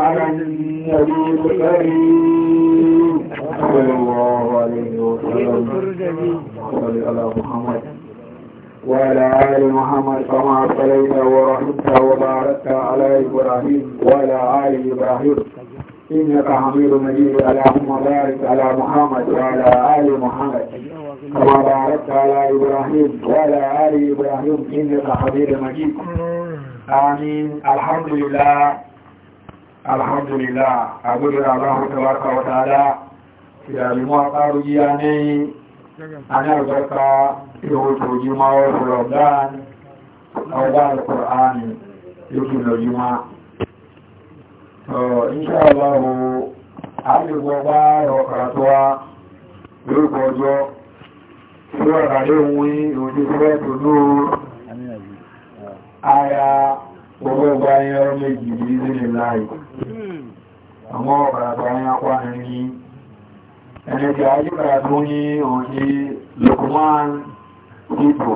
على النبي الكريم صلى الله عليه وسلم صل على محمد وعلى آل محمد كما صليت ورحمت وباركت على إبراهيم وعلى آل إبراهيم إنك حميد مجيد اللهم بارك على محمد وعلى آل محمد كما باركت على إبراهيم وعلى آل إبراهيم إنك حميد مجيد آمين الحمد لله alhamdulillah a gudu alahu tabaraka wa ta'ala da limu a ƙaru giya ne a na albarka rahoto jimawar ramadan a wadda al-ƙur'ani yake da jima to insha allahu abubuwa ba da karatuwa lórúkọ ọjọ́ tí wọ́n rà lóhun gbogbo ẹgbà ẹyẹ ọrọ̀ méjì ní ilé láì àwọn ọ̀pàdàpà ní apá ẹni ẹnẹ́gbà ayébàrà tó ní òní Lukman Dìbò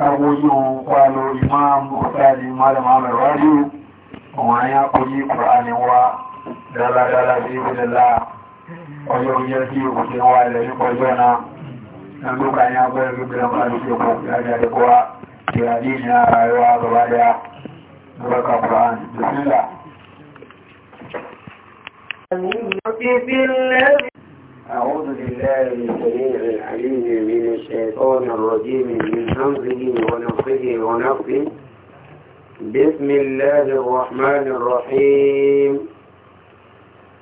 tàbí yíò pàlò imam ọ̀tàdì malam amẹ̀wájú ọ̀wọ̀n ayá kò yí kùránìwá dáradára sí ìrìnlá ọjọ́ oúnjẹ sí òkùnjẹ wà ilẹ̀ nípa ọjọ́ náà ẹgbẹ́gbà ayá pẹ́ẹ̀rẹ̀ gbẹ̀rẹ̀ tunanina rayuwa gaba daya baraka Qur'an bismillah أعوذ بالله السميع العليم من الشيطان الرجيم من حمزه ونفخه ونفخه بسم الله الرحمن الرحيم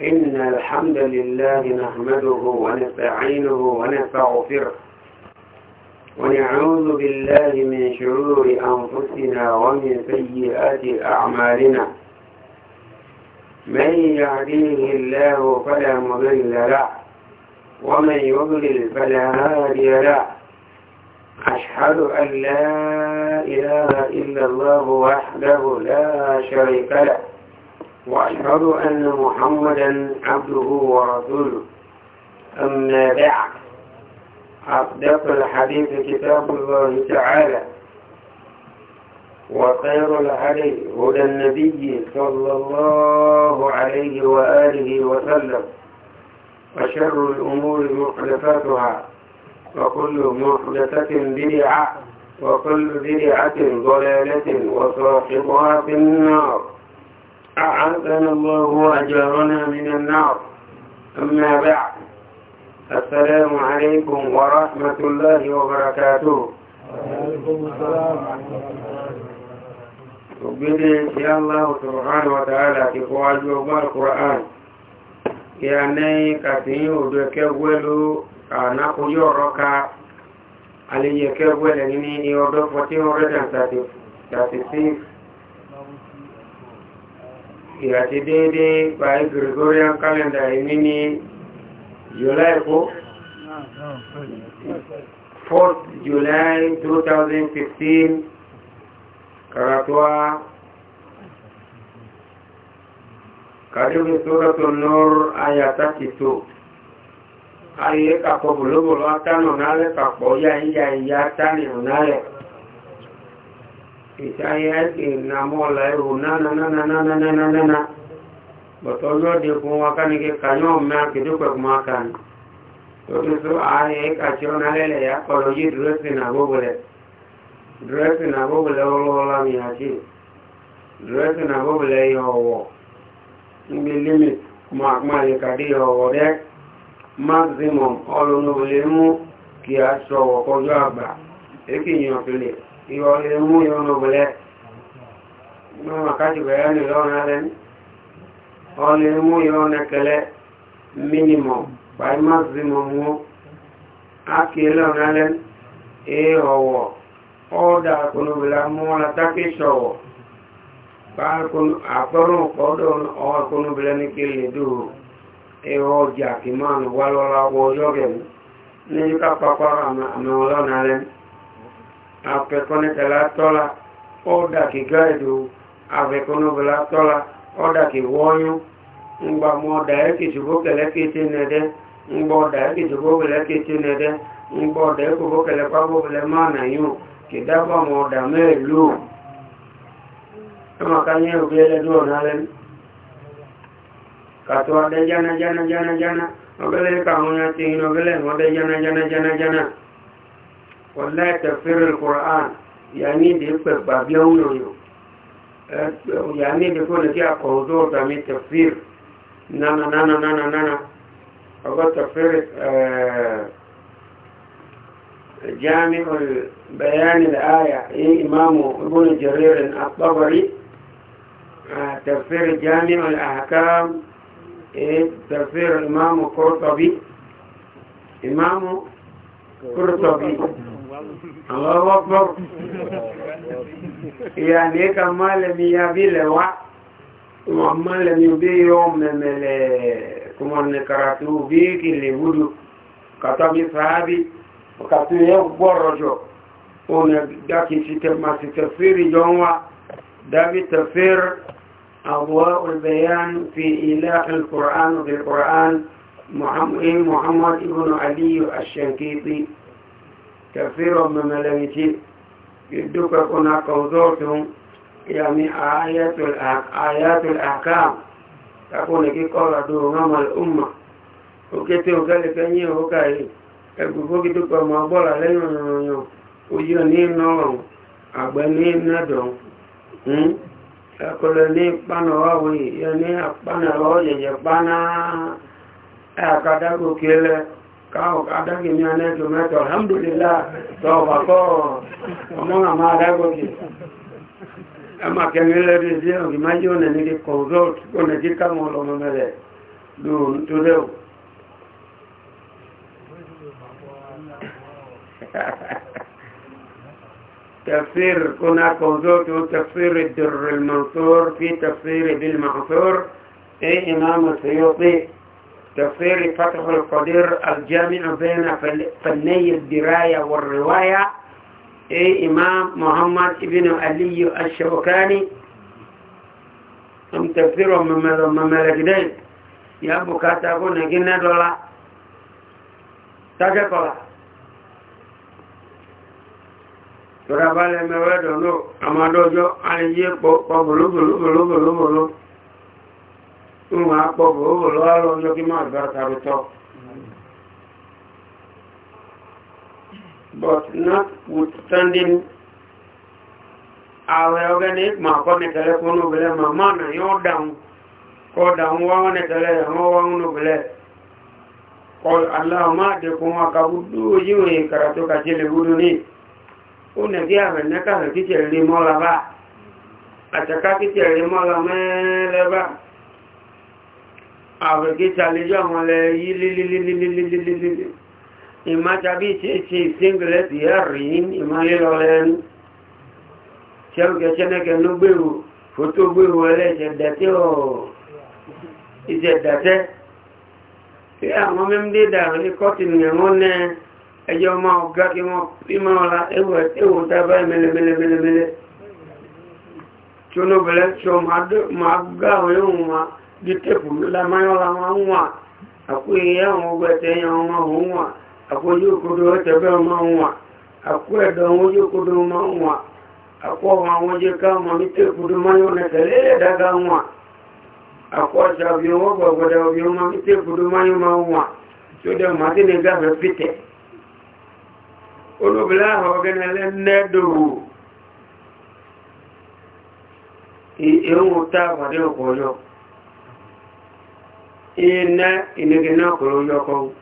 إن الحمد لله نحمده ونستعينه ونستغفره ونعوذ بالله من شرور أنفسنا ومن سيئات أعمالنا من يعديه الله فلا مضل له ومن يضلل فلا هادي له أشهد أن لا إله إلا الله وحده لا شريك له وأشهد أن محمدا عبده ورسوله أما بعد أصدق الحديث كتاب الله تعالى وخير الهدي هدى النبي صلى الله عليه وآله وسلم وشر الأمور محدثاتها وكل محدثة بدعة وكل بدعة ضلالة وصاحبها في النار أعاذنا الله وأجارنا من النار أما بعد السلام عليكم ورحمة الله وبركاته وبدي إن شاء الله سبحانه وتعالى في قواجه القرآن يعني كثير وبكبولو كان قيورك علي يكبول أنني يوضف وتيورد تاتسيف. يعني دي by gregorian calendar ìní ni July 4, 4th July 2015, Karatwa, karibu suratu nur ayat 32 aye kapo bulubulu atano nale kapo ya iya iya tani nale itaye ati namola eru na na na na na na na na na bọ̀tọ́lọ́ di fún wa ká ní kí kanyọ́ mẹ́ kìdúpẹ̀ kuma kan tóbi tó ààrẹ kàtí ọ̀nà lẹ́lẹ̀ yà kọ̀lọ̀ yí dúrẹ́sì nà gbogbo lẹ̀ dúrẹ́sì nà gbogbo lẹ̀ ọlọ́ọ̀lá mi àti dúrẹ́sì nà gbogbo lẹ̀ yọ ọ̀wọ̀ níbi límìt kuma kuma lè kàdé yọ ọ̀wọ̀ dẹ́ maximum ọlọ́nubulẹ̀ mú kí a sọ ọ̀wọ̀ kọjú àgbà èkì yàn fìlẹ̀ ìwọ̀lẹ̀ mú ọ̀nà imú ìrọ̀nẹ̀kẹ̀lẹ̀ minimum by maximum mú ákìlẹ̀ ọ̀nàlẹ́ ẹ̀ọ̀wọ̀ ọ́dà akọ̀nùbìlà mú alátákì ṣọ̀wọ̀ àpẹrùn pọ̀dọ̀ akọ̀nùbìlà ní kílẹ̀ dúró ẹ̀rọ ọjà kì máa nù wá lọ́la wọ ọjọ́ gẹ̀mú ní yíká pápá àmì ọlọ́nàlẹ́ ọdà kì wọ́nyún ngba mọ́ ọdàyẹ́ kì ṣùgbọ́ kẹlẹ́ kété nẹ́dẹ́ ngba ọdàyẹ́ kì ṣùgbọ́ kẹlẹ́ kété nẹ́dẹ́ ngba ọdàyẹ́ kì ṣùgbọ́ kẹlẹ́ pápọ̀ kẹlẹ́ máa nàyún kì dábà mọ́ ọdà mẹ́ẹ̀lú Wọ́n láìpẹ̀ fẹ́rẹ̀ Kùrán, ìyàmí ìdí pẹ̀ gbàgbé oúnjẹ òyìn. يعني بيكون فيها قوضور تعمل تكفير نانا نانا نانا نانا أقول تكفير آه، جامع بيان الآية إيه إمام ابن جرير الطبري آه، تفسير جامع الأحكام إيه تفسير الإمام قرطبي إمام قرطبي Allahu Akbar yani ka malami ya vile wa malami ubi yo memele kumone karatu ubi kile wudu katabi sahabi wakati yo borojo ona daki chite masitafiri jonwa davi tafsir محمد, محمد علي الشنكيطي tafsiro mamalamici duka kuna kauzotun yami ayatul akam ta kuna ki kola duru umma oke te okale kanye oka yi egbogbo ki duka ma bola lẹ́yìn ọ̀yọ̀ oyo ní iná ọ̀run àgbẹ̀ ní iná dọ̀n ẹkọlẹ̀ ní pánàwọ́ wòye yẹ ní pánàwọ́ yẹ̀yẹ̀ káwọ̀ adági ní anẹ́jù mẹ́tọ̀ alhamdulilá tọ́ọ̀bà kọ́ ọmọ àmà adágọ́gì ẹmà kẹrin lẹ́rí sí ọ̀gì máa yíò nẹ̀ nílé consult kó nẹ̀ kí káwọn ọlọ́mọ mẹ́rẹ̀ lóòrùn tó lẹ́wọ̀ تفسير كنا كونزوت تفسير الدر المنصور في تفسير بالمعصور اي امام السيوطي تفسير فتح القدير الجامع بين فني الدراية والرواية اي إمام محمد ابن علي الشوكاني أم تفسير مملكتين يا أبو كاتاكو نجينا دولا تاكولا ترى بالي مولد نو أما دوجو بلو بلو بلو بلو بلو بلو بلو ń máa pọ̀ bò ó lọ́wọ́ lọ́jọ́ kí máa bá tàbí tọ́ but notwithstanding àwẹ̀ organic máa kọ́ nìkẹ́lẹ́ fún obìnrin màmá náà yóò dáhùn kọ́ dáhùn wáwọn nìkẹ́lẹ́ àwọn wáwọn obìnrin kọ́ aláwọ̀má àdẹ̀kùn wọn kàbúdú yíò ìkàràtó kàjẹ́lẹ̀ gúdú ní ó nẹ̀gí àwẹ̀ nẹ́kàrẹ̀ kíkẹ̀rẹ̀ mọ́lá bá àtẹ́ká kíkẹ̀rẹ̀ mọ́lá mẹ́lẹ́bàá àwẹ̀gẹ́ta lè jọ àwọn ọlẹ́ yí lílílílílílílílílí ìmá tàbí ṣe ṣe ìsíngilẹ̀ ti yà rí ìmá lílọ lẹ́nu ṣẹ́rùkẹ́ ṣẹ́nẹ́kẹ́ ló gbèrò fótó gbèrò ẹlẹ́ ìṣẹ̀dẹ̀tẹ́ ọ̀ ìṣẹ̀dẹ̀tẹ́ tí àwọn mẹ́mdé dàrú ní kọ́tìnì ẹ̀wọ́n nẹ́ ẹjọ́ máa ọ̀gá kí wọ́n fi máa ọ̀la ẹwọ̀ dábàá mẹ́lẹ́mẹ́lẹ́mẹ́lẹ́ tí ó ditepu la mayo la mwa akwe ya ngwe te ya mwa akwe yu kudo te be mwa akwe do ma kudo mwa akwa wa ngoje ka mwa mite kudo mayo na tele daga nwa akwa sa bi wo go go da bi ma te ne ga be pite ge le ne e e ta ba de ina inagina kuro yoko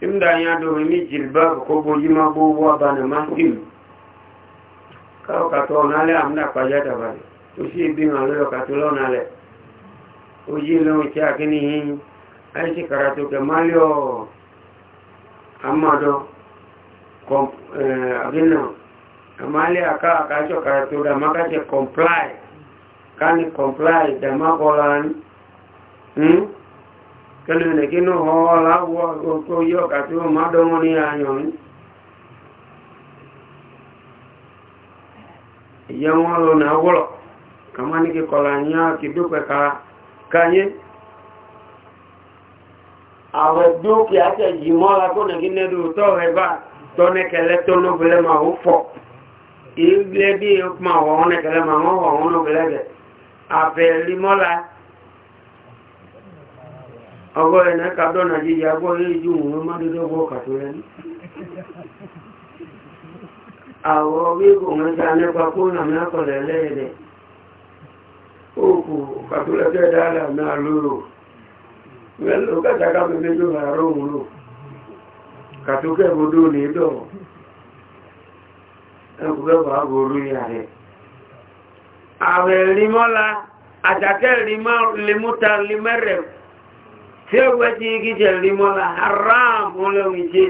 inda ya domin mi jilba ko boji ma gobuwa ba na mahdim kawo ka to na le amna paja da ba to shi bi ma lo ka to na le o ji lo ti akini ai ti karatu ke malio amado kom eh abinna amali aka aka cho karatu da maka che comply kani comply da makolan hmm kẹlu ní kí ní ọwọ́ láwọ́ tó yọ kàtí ó má dánwọ́ ní àyàn ní ìyẹ́ wọn lọ ní awọ́lọ̀ kàmá ní kí kọlà ní àti dúpẹ́ káyé àwẹ̀ dúkìá tẹ̀ yìí mọ́lá tó nà kí nẹ́dù tọ́ rẹ̀ bá tọ́nẹ́kẹ̀lẹ́ tó lóbìlẹ̀ máa ó fọ̀ ìgbẹ́ bí ó máa wọ̀ ọ́nẹ́kẹ̀lẹ́ máa wọ̀ ọ́nẹ́kẹ̀lẹ́ bẹ̀ àfẹ́ limọ́lá ọgọ́ ẹ̀nà kàdọ́nà jíjẹ agbọ́ eéjú òun má dédé ọgbọ́ kàtó rẹ̀ ní àwọ̀ wíkò mẹ́ta nípa kóònà mẹ́kọ̀lẹ̀ lẹ́ẹ̀dẹ̀ òkú kàtó lẹ́kẹ́ dáadáa náà lóró mẹ́lò kàtàkà mẹ́jọ àárọ̀ òun lò kàtó kẹ́bọdó ní dọ̀ ẹkù kẹ́bọ̀ àgbòrú ìyà rẹ̀ àwẹ̀ rímọ́lá àtàkẹ́ rímọ́ lemúta limẹ́rẹ̀ tí ó gbé tí kí jẹ rí mọ́lá haram olómi jẹ́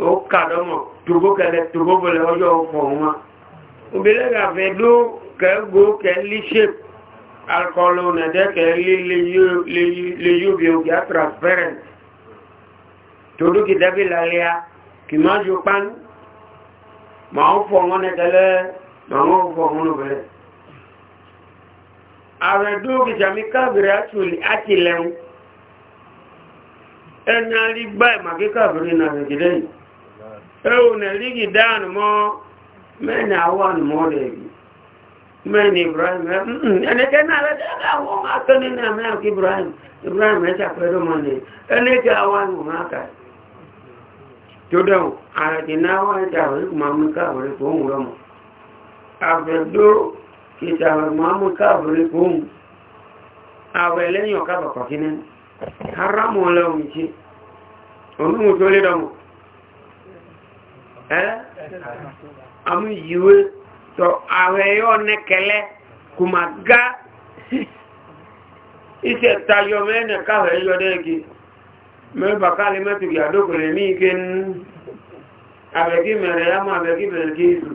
ó kàdọ́mọ̀ tòbó kẹlẹ̀ tòbó bọ̀lẹ̀ ọjọ́ ọ̀fọ̀ wọn obìnrin gàfẹ́ dó kẹgbó kẹlí ṣèp alkọlù nẹ̀dẹ́ kẹlí léyóbi ògì transparent tòdó kì dẹ́bí lálẹ́à kì máa jù pánú màá fọ̀ wọn nẹ̀tẹ́lẹ́ màá fọ̀ wọn lóbẹ̀rẹ̀ ààrẹ dóògì jàmí káàbìrì àtúlì àti lẹ́hun ẹni àrí gbá ìmàkí káàbìrì nà nàìjíríà yìí ẹ̀hù nàìjíríà dáànù mọ́ mẹ́ni àwọn ànùmọ́ rẹ̀ yìí mẹ́ni ibrahim ẹnìkẹ́ náà lọ́dẹ́ àwọn akẹ́ni náà mẹ́rin kí ibrahim ibrahim ẹ̀ ṣàpẹ́rẹ́ mọ́ ni ẹnìkẹ́ àwọn ànùmọ́ àkà tó dẹ̀wọ̀n ààrẹ dì náà wáyé kìtà mọ́mú káàbùrí fún àwẹ̀ lẹ́yìn ọ̀ká bàbà kí ní haramu ọlọ́run jí olúmù tó lé dọmọ̀ ẹ́ àmú yíwé tọ àwẹ̀ yóò nẹ́kẹ̀lẹ́ kò má gá iṣẹ́ tayọ mẹ́ẹ̀nẹ̀ káwẹ̀ yọ dẹ́gì mẹ́bà káàlì mẹ́tùkì àdókòrè ní ike ń àbẹ̀kí mẹ́rẹ̀ yá mọ́ àbẹ̀kí mẹ́rẹ̀ kí ìlú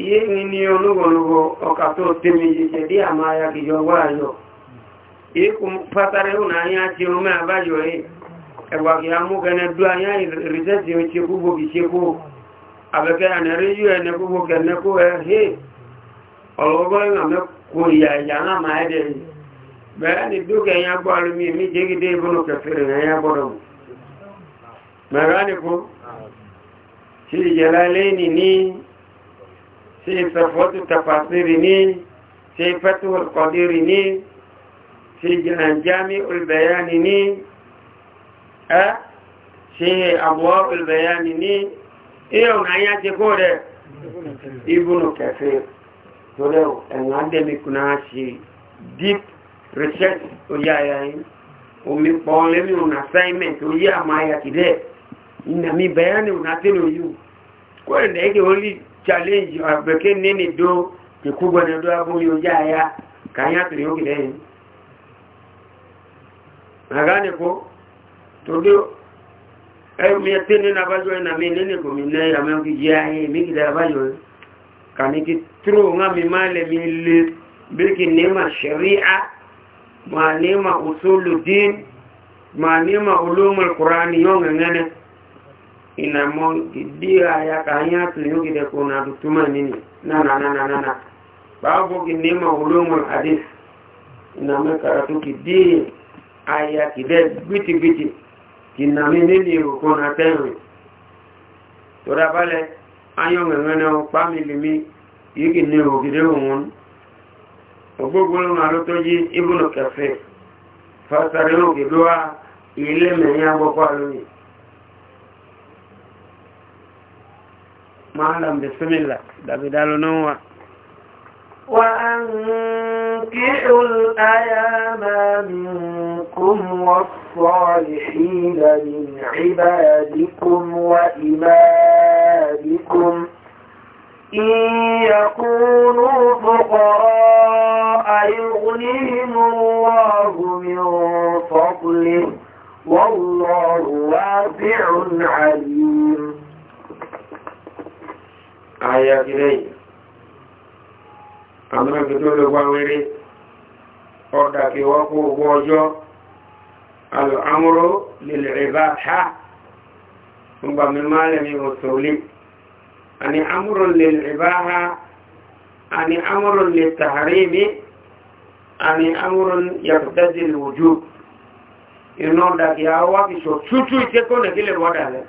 Ihe ni ni olúgbòlúgbò ọkà tó tèmi jẹ́ ya àmà ayá kìjọ wà yọ ikú pátárẹ́ òun àyá tí gị mẹ́ àbájọ rí ẹgbà kìí amúgẹnẹ dú àyá ìrìsẹ́sì ya ṣe kúgbò kìí na kú àbẹ̀kẹ́ ànẹ́rí yú ẹnẹ kúgbò kẹ́nẹ́ ya ẹ hé ọ̀lọ́gbọ́ ìrànmẹ́ kò ìyà ìyà náà máa ẹ́ mi eme Si safwatu tafasiri ne si fatuhul qadiri ne si jami'ul bayani ne eh, a si abuwa'ul bayani ne iyo na ya ce ko da ibnu kafir to da an adami kuna shi deep research o ya yayin o mi pọ́nlẹ́ mi un assignment o yí àmà ayàtìdẹ́ ìnàmì bayani un àtẹ́lẹ̀ oyú kó ẹ̀dẹ̀ ẹgbẹ̀ orí challenge abeke nini do kikubwa ni do abu yojaya kanya tuliyoki deni nagane ko todo eh mi atene na bajo na mi nene ko mi nei ame ki jaye mi ki da bajo kani ki true nga mi male mi le biki nema sharia ma nema usulu din ma nema ulumul qur'ani yonga ngene inamo kidia ya kanya tuliyo kide kuna kutuma nini na na na na na na babu ma ulumu hadith iname karatu kidi aya kide biti biti kinami nini kuna tewe tora pale ayo ngene o family mi yiki ne o kide won ogbogbo na lo toji ibnu kafe fasare o kidwa ile me ya bo kwa lo معلم بسم الله ده بدال نوع وأنكحوا الأيام منكم والصالحين من عبادكم وإمادكم إن يكونوا فقراء يغنيهم الله من فضله والله واسع عليم ayakirei amẹ́gbẹ̀ tó lè wá wéré ọ̀dàkì wọ́pọ̀ ogun ọjọ́ al'amúrò lil ibaha ńgbà mi máa lẹ́mí òṣòlì a ni amúrò lil ibaha a ni amúrò lil tahrimi a ni amúrò yàtọ̀tẹ́sì lòjú iná ọ̀dàkì awọ́ fi ṣò tútù ìtẹ́kọ̀ọ́ nẹ̀kí lè wọ́dà lẹ́ẹ̀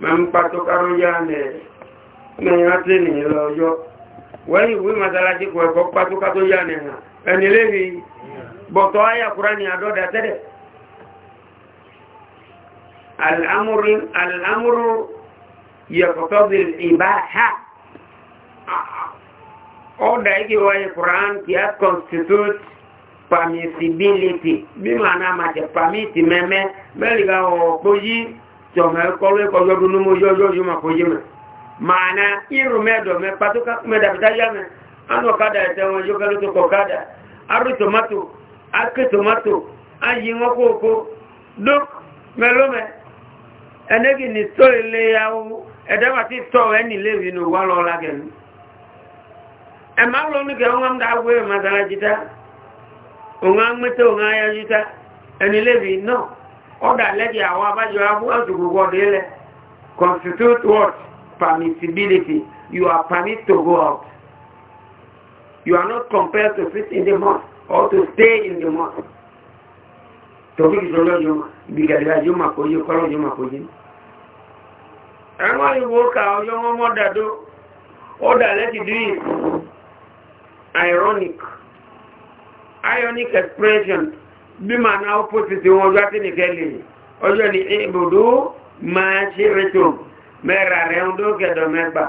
máa ń pàtó káró yá ẹ̀ mẹ́rin á tẹ́ nìyẹn lọ ọjọ́ wọ́n ìwé masalasi kò ẹ̀kọ́ pàtó kátó yá ẹ̀ hàn ẹni léwi bọ̀tọ̀ ayàkúrá ni àdọ́dà tẹ́lẹ̀ al'amuru yẹ̀kọ̀tọ́bì ìbáhá ọ̀dà ike wáyé kùrán kí á constitute permissibility bí màá náà màá jẹ́ permit mẹ́mẹ́ mẹ́rin ká ọ̀pọ̀ yìí tọ̀hún ẹ̀kọ́rọ̀ ẹ̀kọ́jọ́ n'ụmụ mú yọ́yọ́ yóò máa fojú mẹ́ màánà irun mẹ́ẹ̀dọ̀ mẹ́ pàtó mẹ́ẹ̀dà fi táyà mẹ́ ánú ọ̀kadà ẹ̀tẹ́ wọn yóò kẹ́lẹ́ tó kọ̀ ọ̀kadà arú tòmátò áké tòmátò ayé wọn kó oko dók mẹ́lómẹ́ ẹnẹ́gì ní tó ilé yàwó ẹ̀dẹ́wà tí tọ̀ ẹni ọ̀dà lẹ́dí àwọn abájọ afúnṣù gbogbo ọdún ilẹ̀ constitute what permissibility you are permit to go out you are not compelled to fit in the mosque or to stay in the mosque torí ìṣòro jùmọ̀ ìgbìgàdìrà jùmọ̀ kò yí kọ́rọ̀ jùmọ̀ kò yí ẹ̀wọ́n ìwò ká ọjọ́ wọn mọ́ dàdó ó dà lẹ́tì dìí ironic ironic expression bí ma náà opposite wọn ọjọ́ tí nìkẹ́ lè ọjọ́ ni ibùdó máa ṣe rẹ̀tò mẹ́ra rẹ̀ ń dó kẹ̀dọ̀ mẹ́gbà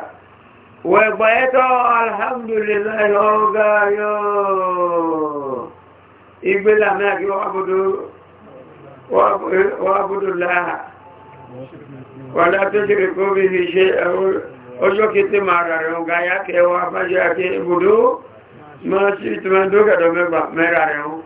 wẹ̀gbà ẹ́tọ́ alhamdulillahi ọgá yóò ìgbélà náà kí wàbùdó láà wàdá tó ṣe rẹ̀ kó bí i ṣe ọjọ́ kí ma rà rẹ̀ ọgá yá kẹwàá ṣe ìtìmọ̀ dó mẹ́ra rẹ̀ ọgá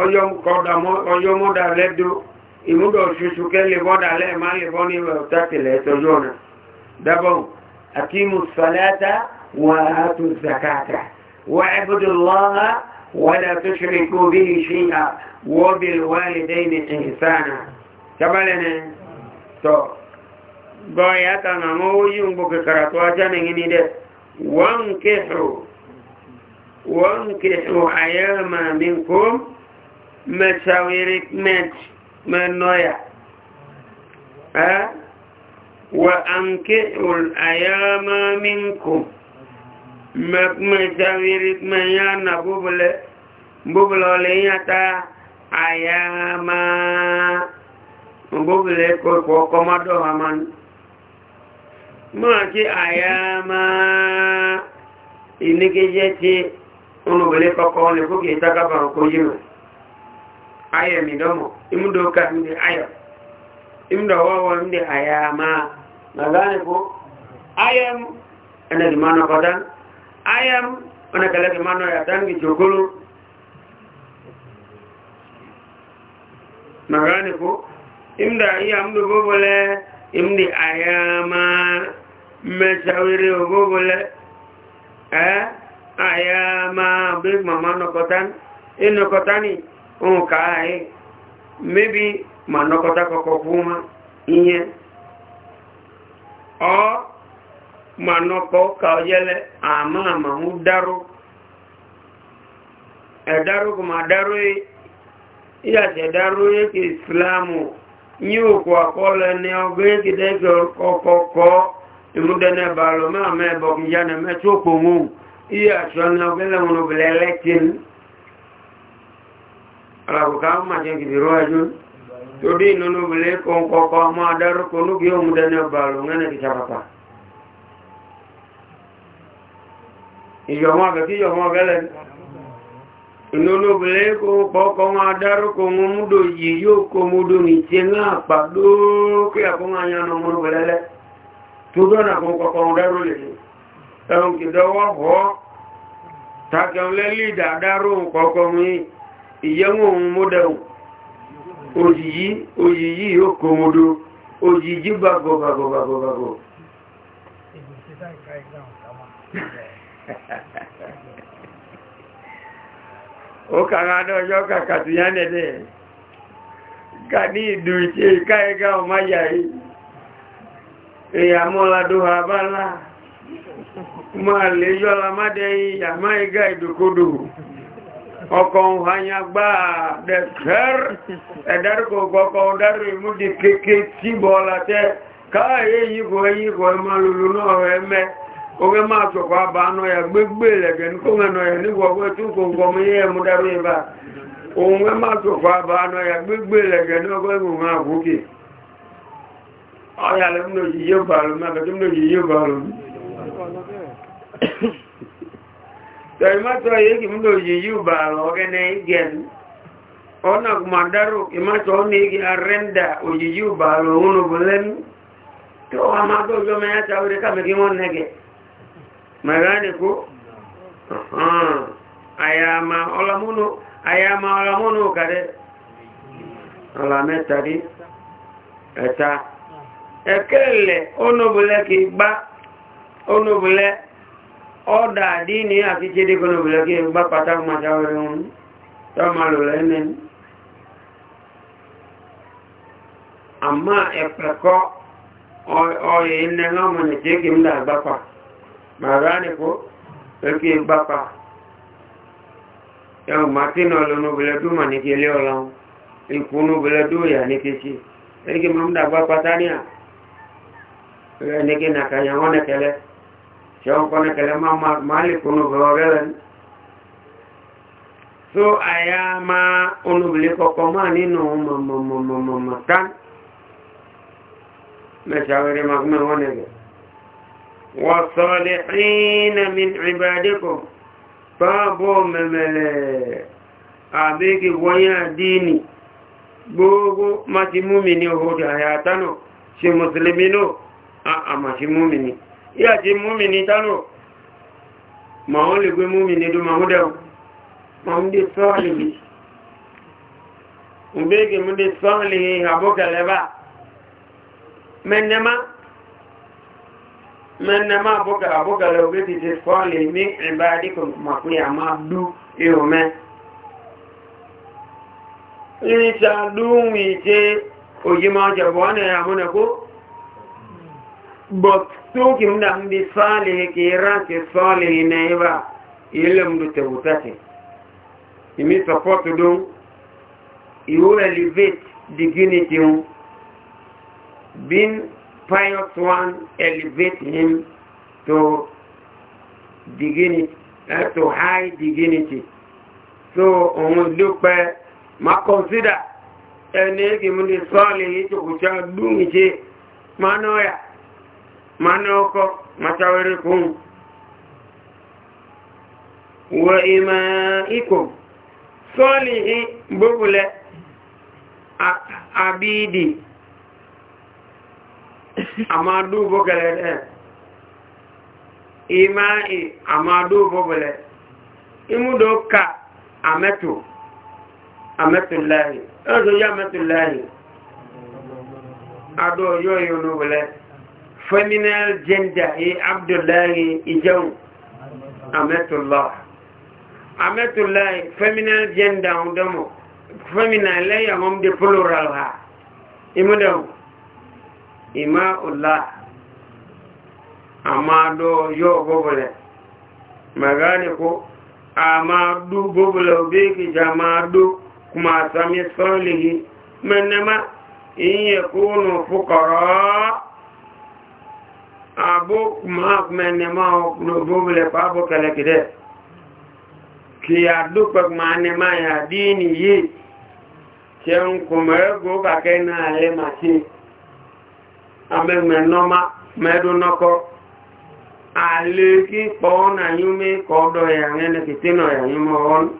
ọjọ́ mọ́dà lẹ́dọ́ ìmúdọ̀ ṣoṣo kẹ́ lè bọ́dà lẹ́ẹ̀má lè bọ́ ní ìwẹ̀ òtàtìlẹ̀ ẹ̀tọ́jú ọ̀nà dábọ̀n àti mùsàlẹ́ta wà á tó zakata wà ẹbùdó lọ́ha wà dá tó ṣe kó bí ṣe à wọ́ bí wà lè dẹ́ ní ìsànà tábàlẹ̀ ní tọ́ gbọ́ ìyáta wọ́n kéhù wọ́n kéhù àyẹ́mà minkum mechawiri met menoya eh? wa ankihul ayama minkum mechawiri meyana bubule bubule yata ayama bubule koko komodo haman mọ́ọ̀kí àyàmá ìníkejẹ́ tí olùbẹ̀lẹ́ kọ́kọ́ lè kókè ìtàkàbà òkú yìí rẹ̀ aya mi domo imdo ka mi aya imdo wawa mi aya ma magane ko ayam ana di mano kodan ayam ana kala di mano ya dan gi jogolo magane ko imda iya amdo bobole imdi ayama mechawiri bobole eh ayama big mama no kodan ino e kotani ụka anyị mebi ma nọkọta kọkọkwụma ihe ọ ma nọkọ ka ojele ama ama hụ darụ edarụgụ ma darụ e, ịgaje darụ onye ka isilamụ nye okwu akpọle na ọgụ egide ego ọkọkọ ịmụdene balụ ma ama ebe ọgụ ya na-emetụ okpomo ihe achọ na ọgụ ele mụrụ bụla eletin alakuka maje kibiro ajun tudi nunu bile kon koko ma daru kunu giyo mudane balu ngane kichapapa iyo ma ga kiyo ma gele nunu bile ko koko ma daru ko mumudo yiyo ko mudo ni chenga pado ke akonga nyano munu bele tudona ko koko daru le tan kidawa ho daru koko mi ìyẹ́wọ̀n ohun mọ́dẹ̀wò òyìyí òyìyí okòmodo òyìyí bàgọ̀bàgọ̀bàgọ̀ ó kàrà adọ́jọ́ kàkàtù yá nẹ̀dẹ̀ ká ní ìdù ìṣe káẹgá ọmọ yàí ìyàmọ́ladó àbálá máa lè yọ́la má dẹ̀ ìyàmá igá ìdòkodò ọkọ̀ òhanyà gbá dẹ̀kẹ́r ẹ̀dárúkọ̀ ọkọ̀ ọ̀dárú ìmúdí kéèké tí bọ́ọ̀lá tẹ́ káàyè yíkọ̀ yíkọ̀ ẹmà lulu náà ẹmẹ́ oge máa sọ̀kọ̀ àbá náà yà gbégbé lẹ̀gẹ̀ ní kóńgẹ̀ náà yà nígbà ọgbẹ́ tún kò gbọ́ mi yẹ ẹmu dárú yìí bá òun ẹ máa sọ̀kọ̀ àbá náà yà gbégbé lẹ̀gẹ̀ ní ọgbẹ́ ìgbòhùn àgókè ọ̀yà lẹ́mú Jadi kita tọ̀rìmọ́tọ̀ yìí kì múlò yìí yìí orang lọ́gẹ́ ní gẹ̀ẹ́lú ọ̀nà kùmọ̀dárò ìmọ́tọ̀ ní igi arẹ́ndà òyìyí bà lọ́wọ́n ló lẹ́nu tó wà máa tó jọ mẹ́yà tàbí kàbẹ̀kí wọ́n nẹ́gẹ̀ mẹ́ránìkó àyàmà ọlọ́múnú kàdẹ́ ọlọ́mẹ́tàdí ẹ̀ta uno ọ̀nà ọ́dà àdínì àti ṣédé kọ́nà òbìlẹ̀ kí n bá pàtàkì máa ṣàwẹ̀rẹ̀ wọn tó máa lò lẹ́nẹ̀ àmá ẹ̀pẹ̀kọ́ ọ̀yẹ̀ ilẹ̀ ọmọ nìjẹ́ kí n dà gbápa bàbá nìkó pẹ̀kí gbápa ẹ̀hùn martin ọlọ́nà òbìlẹ̀ tó mà ní kí ilé ọlọ́run ìkùnú òbìlẹ̀ tó yà ní kí ṣe ẹ̀kí máa ń dà gbápa táníà ẹ̀kí nàkàyà ṣẹ́wọ́n kọ́nà kẹlẹ̀ máa lè kúnnù bẹ̀rẹ̀ rẹ̀rẹ̀ so àyà máa olùbìlẹ̀ kọ̀kọ́ máa nínú mọ̀mọ̀mọ̀mọ̀mọ̀ kán mẹ́ṣàwẹ́rẹ́ máa gúnmẹ̀ wọ́n nẹ̀gẹ̀ wọ́n sọ́lẹ̀ ìrìnà mi ìbàdíkọ̀ tọ́bọ̀ mẹ́mẹ̀lẹ̀ àbíkì wọ́nyà dínì gbogbo máa ti múmi ní ọ̀họ̀dọ̀ àyà tánà ṣe mùsùlùmí náà a àmà ṣe múmi ni. Ah, ah yàjí múmi ní tánù ma wọ́n lè gbé múmi ní dùn mahúdẹ̀ ma ń dé sọ́ọ̀lì bí ń bèèkè mú dé sọ́ọ̀lì àbúkẹ̀lẹ́ bá mẹ́nẹ́má mẹ́nẹ́má àbúkẹ̀lẹ́ òbí ti ti sọ́ọ̀lì ní ìbáyàdíkò màkúyà máa dú ihò mẹ́ ìrìnṣà dúnwìn tí but tuki mda mbi salihi kirasi salihi na iba ile mdu tewutati imi support dun you elevate dignity him being pious one elevate him to dignity uh, to high dignity so òun dúpẹ́ ma consider ẹni kìí mú ní sọ́ọ̀lì yìí tó kù ṣá dùn ìṣe máa náà ma n'ọkọ macha nwere ụkwụ ụwa iko ịkọ so ni ị gbogbole a bidi amadu bọkala n ịmaị amadu gbogbole imudo ka ametu ametola ahịa ozo ya ametola ahịa adọ yoyo n'obodo ahịa feminine gender e abdullahi ijaun ametullah ametullahi feminine gender ọdọmọ feminine lẹ́yìn àwọn ọmọdé plural ha imúdẹ̀wò ìmá ọlá àmàdọ̀ yóò gbogbolẹ̀ magánìkó àmàdú gbogbolẹ̀ obéèkìjà àmàdú kùmà sami sọ́ọ̀lì yìí mẹ́nẹ́má ìyẹ̀kúnnù fúkọ̀rọ̀ abu maak mene mao bubule pa abo kele kide ki adu pak mane ma ya dini yi chen kumere go ka kena e ma chi ame medu noko ale ki po na yume ko do ya ngene kitino ya yume on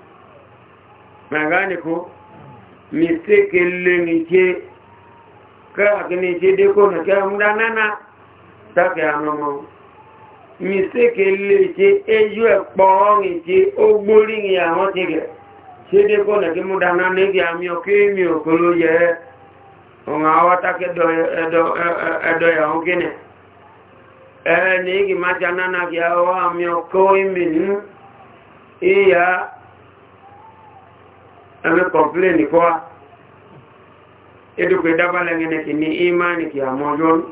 magani ko mistake le ni che ka kini che de ko na ka mdanana sáàkì àmọ́mọ́ mistake lè ṣe ejú ẹ̀pọ̀ ọ̀rìn tí ó gbórí ní àwọn ti rẹ̀ ṣe dé kó nà kí mú dáná níbi àmì ọkẹ́ mi òkú ló yẹ ọ̀rọ̀ àwọn tákẹ́ ẹ̀dọ̀ ìyàwó gínẹ̀ ẹni igi má ti aná náà kí àwọn àmì ọkọ́ ìmì ní ìyá ẹni kọ̀pléènì kọ́ wa edukwe dábàlẹ̀ ní ìmáànì kí àmọ́jọ́nù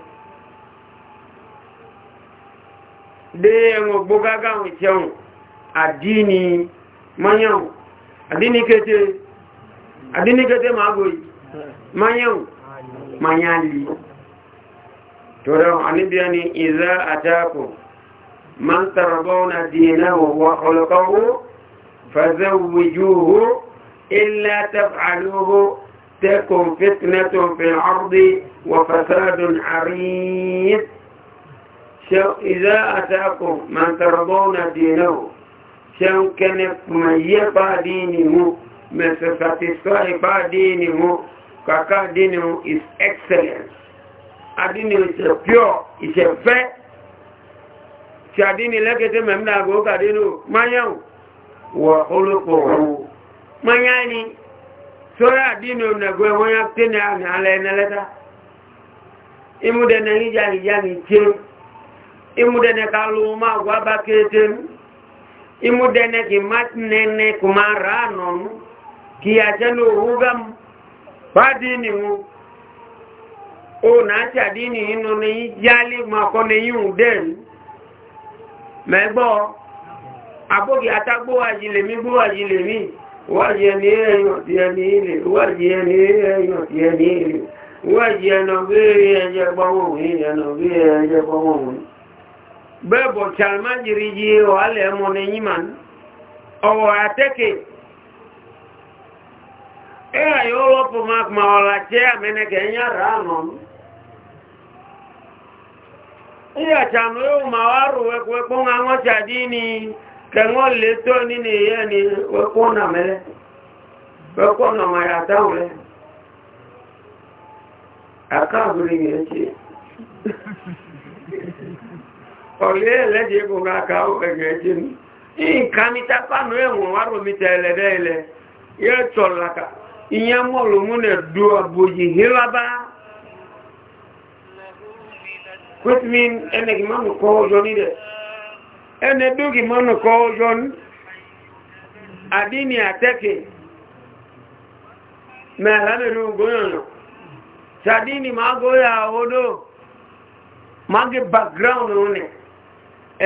de wọn gbogbo agáwọn ìtẹun àdíni mayẹun àdínikẹtẹ àdínikẹtẹ magoyi mayẹun mayali tọ́rọ àníbíyà ni ìzá àjákò ma ń tàràbọ́n àdínà wọ̀wọ̀ ọlọ́kọ́wó fàzẹ́wùjúwó ilẹ̀ tàbàlúwó tẹ́kùn fitnetun fi ọ̀rọ̀dí wọ fasadun àríyìn إذا أتاكم من ترضون دينه شو كان ميبا دينه من satisfy با دينه كاكا دينه is excellence adini is a pure is a fair ti adini lẹ́kẹ̀tẹ́ mẹ́mdà agbókà dínú mayáwó wọ olókòrò mayáni sọ́rọ̀ adini onàgbọ́ ẹwọ́n yá tẹ́nà àmì alẹ́ ẹnẹ́lẹ́ta imúdẹ̀ nà ìjà imudene kaluma gwaba ketem imudene ki kumara kumaranon ki ajano ugam badini mu o na cha dini inu ni yali mako ni yun den mebo abogi atagbo ajile mi gbo ajile mi waje ni eyo ti eni ile waje ni eyo ti eni ile waje na bi eje gbowo ni eje na bi eje gbowo ni bẹ́ẹ̀bọ̀ tí almajiri yí ọ̀hálẹ̀ ẹmọ ní yíman ọwọ̀ àtẹ́kẹ̀ ẹ̀yà yóò lọ́pọ̀ ma ọ̀là jẹ́ àmẹ́nẹ̀kẹ̀ ẹ̀yà ránà ẹ̀yà tànú yóò ma wá rò wẹ́kọ́ àwọn tàdí ni kẹwọ́n lè tó nínú ìyẹ́ ni wẹ́kọ́ nà mẹ́lẹ́ wẹ́kọ́ nà mà yàtàwọ̀lẹ́ àkáàbìrì yẹn ṣe ọ̀lẹ́ ẹ̀lẹ́dẹ̀ egbò n'aka ẹ̀gẹ̀ ẹ̀jẹ̀ mi nǹkan mi ta pàmò ẹ̀wọ̀n wà lómi tẹ ẹlẹ́dẹ́ ẹlẹ́ yẹ tọ̀ làkà ìyẹn mọ̀ lòmú nẹ̀ do àbòjì hílábá kùtùmí kwesịrị má nù kọ́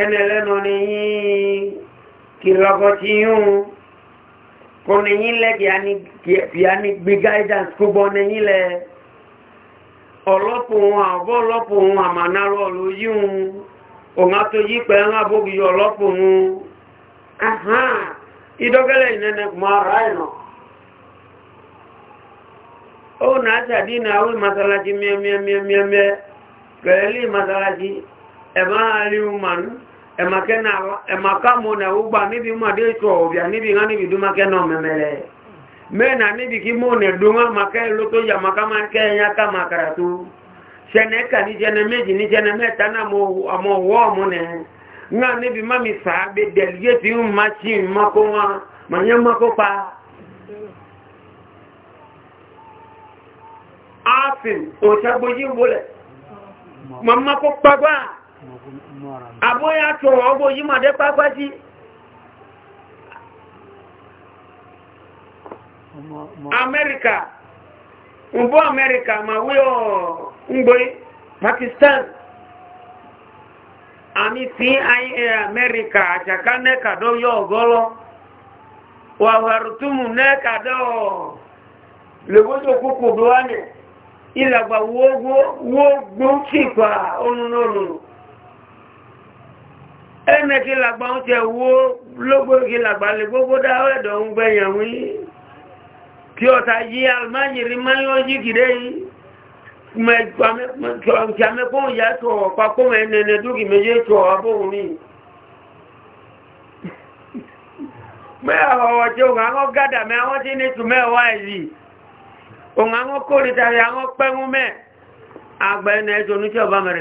ẹni ẹlẹ́nu ni yín kìlọ́kọ̀ tí yún kò ní yín lẹ́ kí a ní gbé guidance kó bọ́ ní yín lẹ́ ọlọ́pù wọn àbọ̀ ọlọ́pù wọn àmànáró ọ̀lú yíun òun àtò yí pẹ̀ ń àbógi ọlọ́pù wọn ahán ìdọ́gẹ́lẹ̀ ìnẹ́nẹ́ kùmọ̀ ara ìnà ó náà ṣàdínà àwọn ìmọ̀sálásí mẹ́mẹ́mẹ́mẹ́ pẹ̀lú ìmọ̀sálásí ẹ̀má rí umaru ẹ̀má kámọ́ na ugbà níbi mọ̀dé ìtọ̀ ọ̀bíà níbi ìhán níbi dúmákẹ́ náà mẹ́mẹ́rẹ́ mẹ́nà níbi kí mọ́ nẹ̀ dúnmá makẹ́ ló tó yà maká máa kẹ́ ẹ̀yà ká máa kàrà tó ṣẹ̀nẹ̀ kà ní jẹ́nẹ̀ méjì ní jẹ́nẹ̀ mẹ́ta náà mọ̀ wọ́ ọmọ nẹ̀ ńlá níbi má mi sàábé dẹ̀lẹ́tì ń má tí ń má kó abụghị tọrọ ọgbọ̀ yí màdé pápá sí amẹ́ríkà ǹbọ́ amẹ́ríkà ma wí ọ̀ ǹgbé pakistan àmì tí ayé amẹ́ríkà àjàká nẹ́kàdọ́ yọ ọ̀gọ́lọ́ wàwàrùtùmù nẹ́kàdọ́ lèwọ́jọ kúkù dọ́wánì ìlàgbà wọ́gbọ́n tí ìpà ẹnẹ kí làgbà ń tẹ wó lógbó kí làgbà lè gbogbo dá ẹ̀dọ̀ ń gbẹ̀yàn wí kí ọ̀tà yí almáyìrí máa yọ́ yí kìdé yìí mẹ́kọ́ ìyá tó ọ̀pá kó mẹ́nẹ̀ẹ́nẹ́ dúkì méjì tó ọ̀bọ̀n mi mẹ́ọ̀wọ̀ tí òun àwọn gádà mẹ́ àwọn tí ní tù mẹ́wàá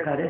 èyí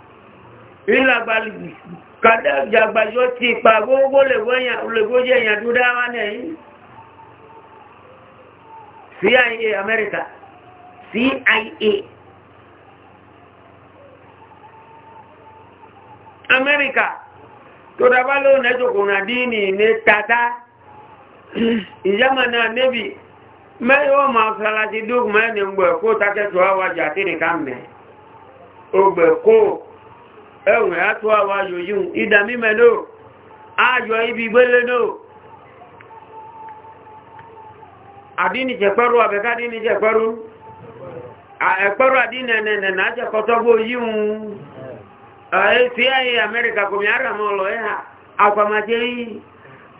ìlàgbàlì kàdájàgbàjọ́ ti pa gbogbo lègbójẹ́ èèyàn tó dáwà nẹ̀yìn cia amẹ́ríkà cia amẹ́ríkà tó dábá ló nẹ́jọkùn náà dínì ní tata ìyámanà níbi mẹ́yọ́ ma sálásí dúkùnmẹ́ ni gbẹ̀kó takẹ́tọ̀ àwájà tí nìkan mẹ́ ogbẹ̀kó ẹ̀wọ̀n àtọ́ àwọn ayò yíò ìdà mímẹ̀ náà ayò ibi gbélé náà àdínì jẹ̀pẹ́rú àbẹ̀ká dínì jẹ̀pẹ́rú ẹ̀pẹ́rú àdínì ẹ̀nẹ̀nẹ̀ náà jẹ́kọ́tọ́gbó yíò cia amẹ́ríkà kò mìírànmọ́ lọ ẹ́hà àpàmàjẹ́ yìí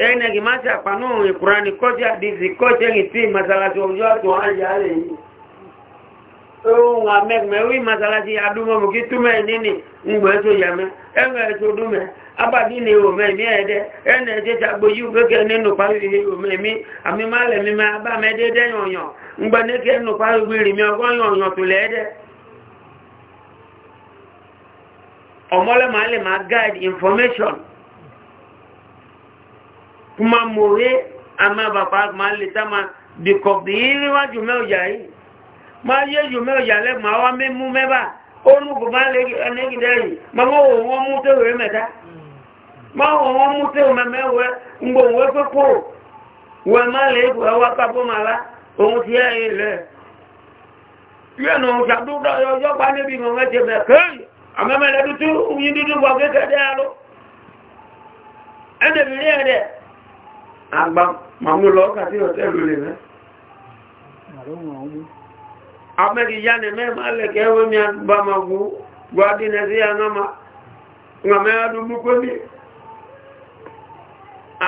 ẹ̀nẹ̀gì má ṣàpánú ìkùránì kọ́jà masalasi ọjọ́ àtọ̀ ayà ohun amẹ́gbẹ̀ wí masalasi adúmọ̀mù kí túmẹ̀ nínú ngbẹ̀ tó yàmẹ́ ẹgbẹ̀ tó dúmẹ̀ abàdí ni òmẹ̀mí ẹ̀dẹ́ ẹnà ẹ̀dẹ́ tàgbò yíò gẹ́gẹ́ nínú pàríwì òmẹ̀mí àmì má lẹ̀mí má bá mẹ́dẹ́ dẹ́yọ̀nyọ̀ ngbẹ̀nẹ́kẹ́ nínú pàríwì rìmí ọgọ́yọ̀nyọ̀ tó lẹ́ẹ̀dẹ́ ọmọlẹ́ máa lè ma ye yu me ya le ma wa me mu me ba onu ko ba le ne gi dai ma mo wo wo mu te we me da ma wo wo mu te me me we ngo we ko ko we ma le ko wa ka bo ma la o ti e le ye no ja du da yo yo pa ne bi ngo me je me ke ama me le du tu u yin du du ba ke ke da lo ande bi le de amekijane mema lekewe miamba magu gwadine ziyangama ngamea dumukoni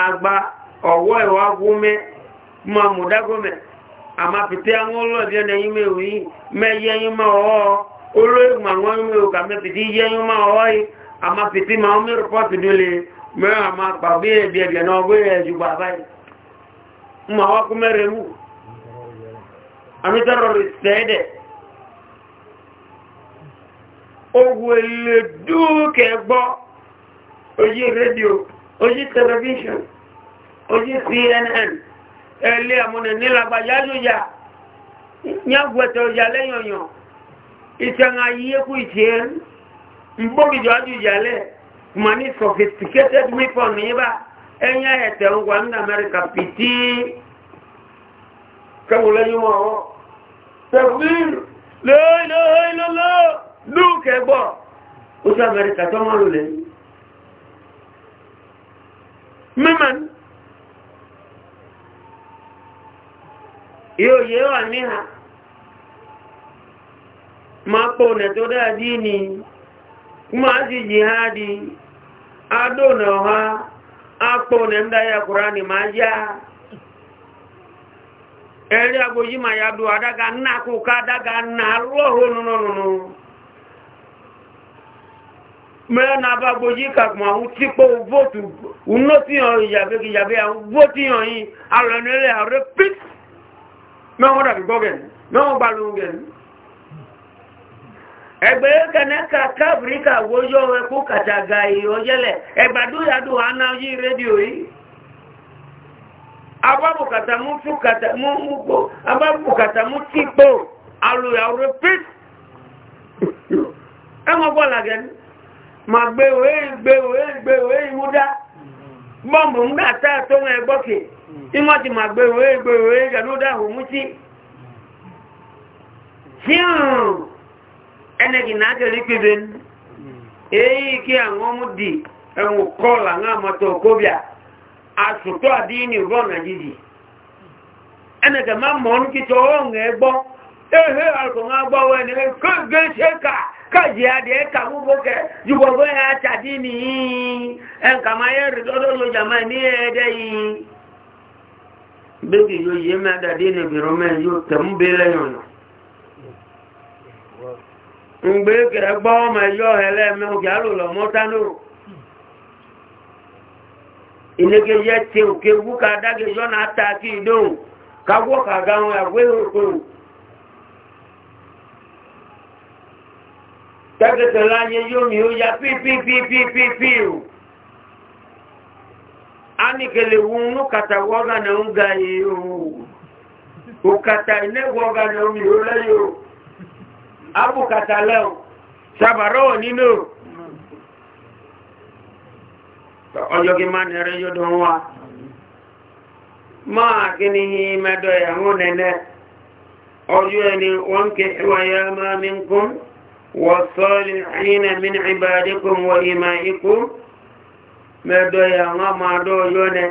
agba ọwọ́ ìwà e me ma mọ̀dá gómẹ̀ àmàpìtẹ́ àwọn olóòbí ọ̀nà yìí mẹ́wò yìí mẹ́yẹyìn ma ọwọ́ olóògùn àwọn mẹ́wò kà mẹ́pìtì yẹyìn ma o ọwọ́ yìí àmàpìtì ma ọmọ rìpọ́tì bi mẹ́wàá e e ma pàgbé ẹ̀bí ẹ̀bí ẹ̀nà ọgbé ẹ̀jù bàbá yìí àmì terrorist tẹ́ẹ̀dẹ̀ ogun èlè dúkẹ́ gbọ́ ojí rédíò ojí tẹlifíṣàn ojí cnn ẹ̀lẹ́ àmúnẹ̀ nílàgbàjá yóò nyagwẹ̀tẹ̀ ọjà lẹ́yìn ọ̀yàn ìtẹ̀nà yíyẹ́kú ìtẹ́ mbógìjọ ajújálẹ̀ ma ní sophisticated weapon níbà ẹ̀yà ẹ̀tẹ̀ ń wà ní amẹ́ríkà pìtì kẹwùlẹ́yìn mọ́ ọ̀rọ̀ tẹ̀kbír lẹ́ẹ̀lẹ́lẹ́lẹ́ lúkẹgbọ́ ó sí amẹ́ríkà tó mọ́rún lẹ́ mímọ̀n yóò yé wà níhà máa pọ̀ nẹ̀ tó dáadí ni máa sì jihadi adónà ha apọ̀ nẹ̀ ń dáyà ni máa yáa ẹ̀rí yìí ma ya dùn adága náà kò ká adága náà lọ́rọ̀ nínú mẹ́rin abá yìí kàkùn àwọn tí vóòtù unó tí ìyàbẹ́ ìyàbẹ́ àwọn vóòtù yìí alọ́nẹ́lẹ̀ ààrẹ pít mẹ́wọ́n dàbí gbọ́gẹ̀n mẹ́wọ́n gẹ̀n ẹgbẹ́ ẹkú kàtàgà ẹgbàdúyàdù rédíò yìí ababukata mutukata mumuko ababukata mutipo alu ya repeat emo bola gen ma gbe o e gbe o e gbe o e muda bombo muda ta to nwe gboke imo ti ma gbe o e gbe o e ganu da ho muti hiu ene gi na ke likiden e ki an omudi en ko la nga ma to ko bia asụtụ àdínì ruo jíjì ẹnìkẹ̀ máa mọ̀ ní kíkọ ọṅụ ẹgbọ́ ehe alùpùpù agbọ́wọ́ ẹni kéèké ṣéka káàjì adìẹ ẹ̀ka gbogbo kẹ jùbọ̀gbọ́ ẹ̀ àtàdínì yìí ẹnkà máa yẹ mgbe ineke yɛ te o ke wu ka dage yɔ na ta ki do ka wɔ ka ga ŋu awoe mi o ya pipipipipipi o ani kele wu nu kata wɔ ga na ŋu ga ye o o kata abu kata lɛ o ọjọ́ kí máa nẹ̀rẹ́ yóò dán wá máa kí ni hí mẹ́dọ̀ ìyàwó nẹ́nẹ́ ọjọ́ ẹni wọ́n kí wáyé máa mi kún wọ́sọ́lì àyínà min ìbàdíkùn wọ ìmà ikú mẹ́dọ̀ ìyàwó máa dọ́ ọjọ́ nẹ́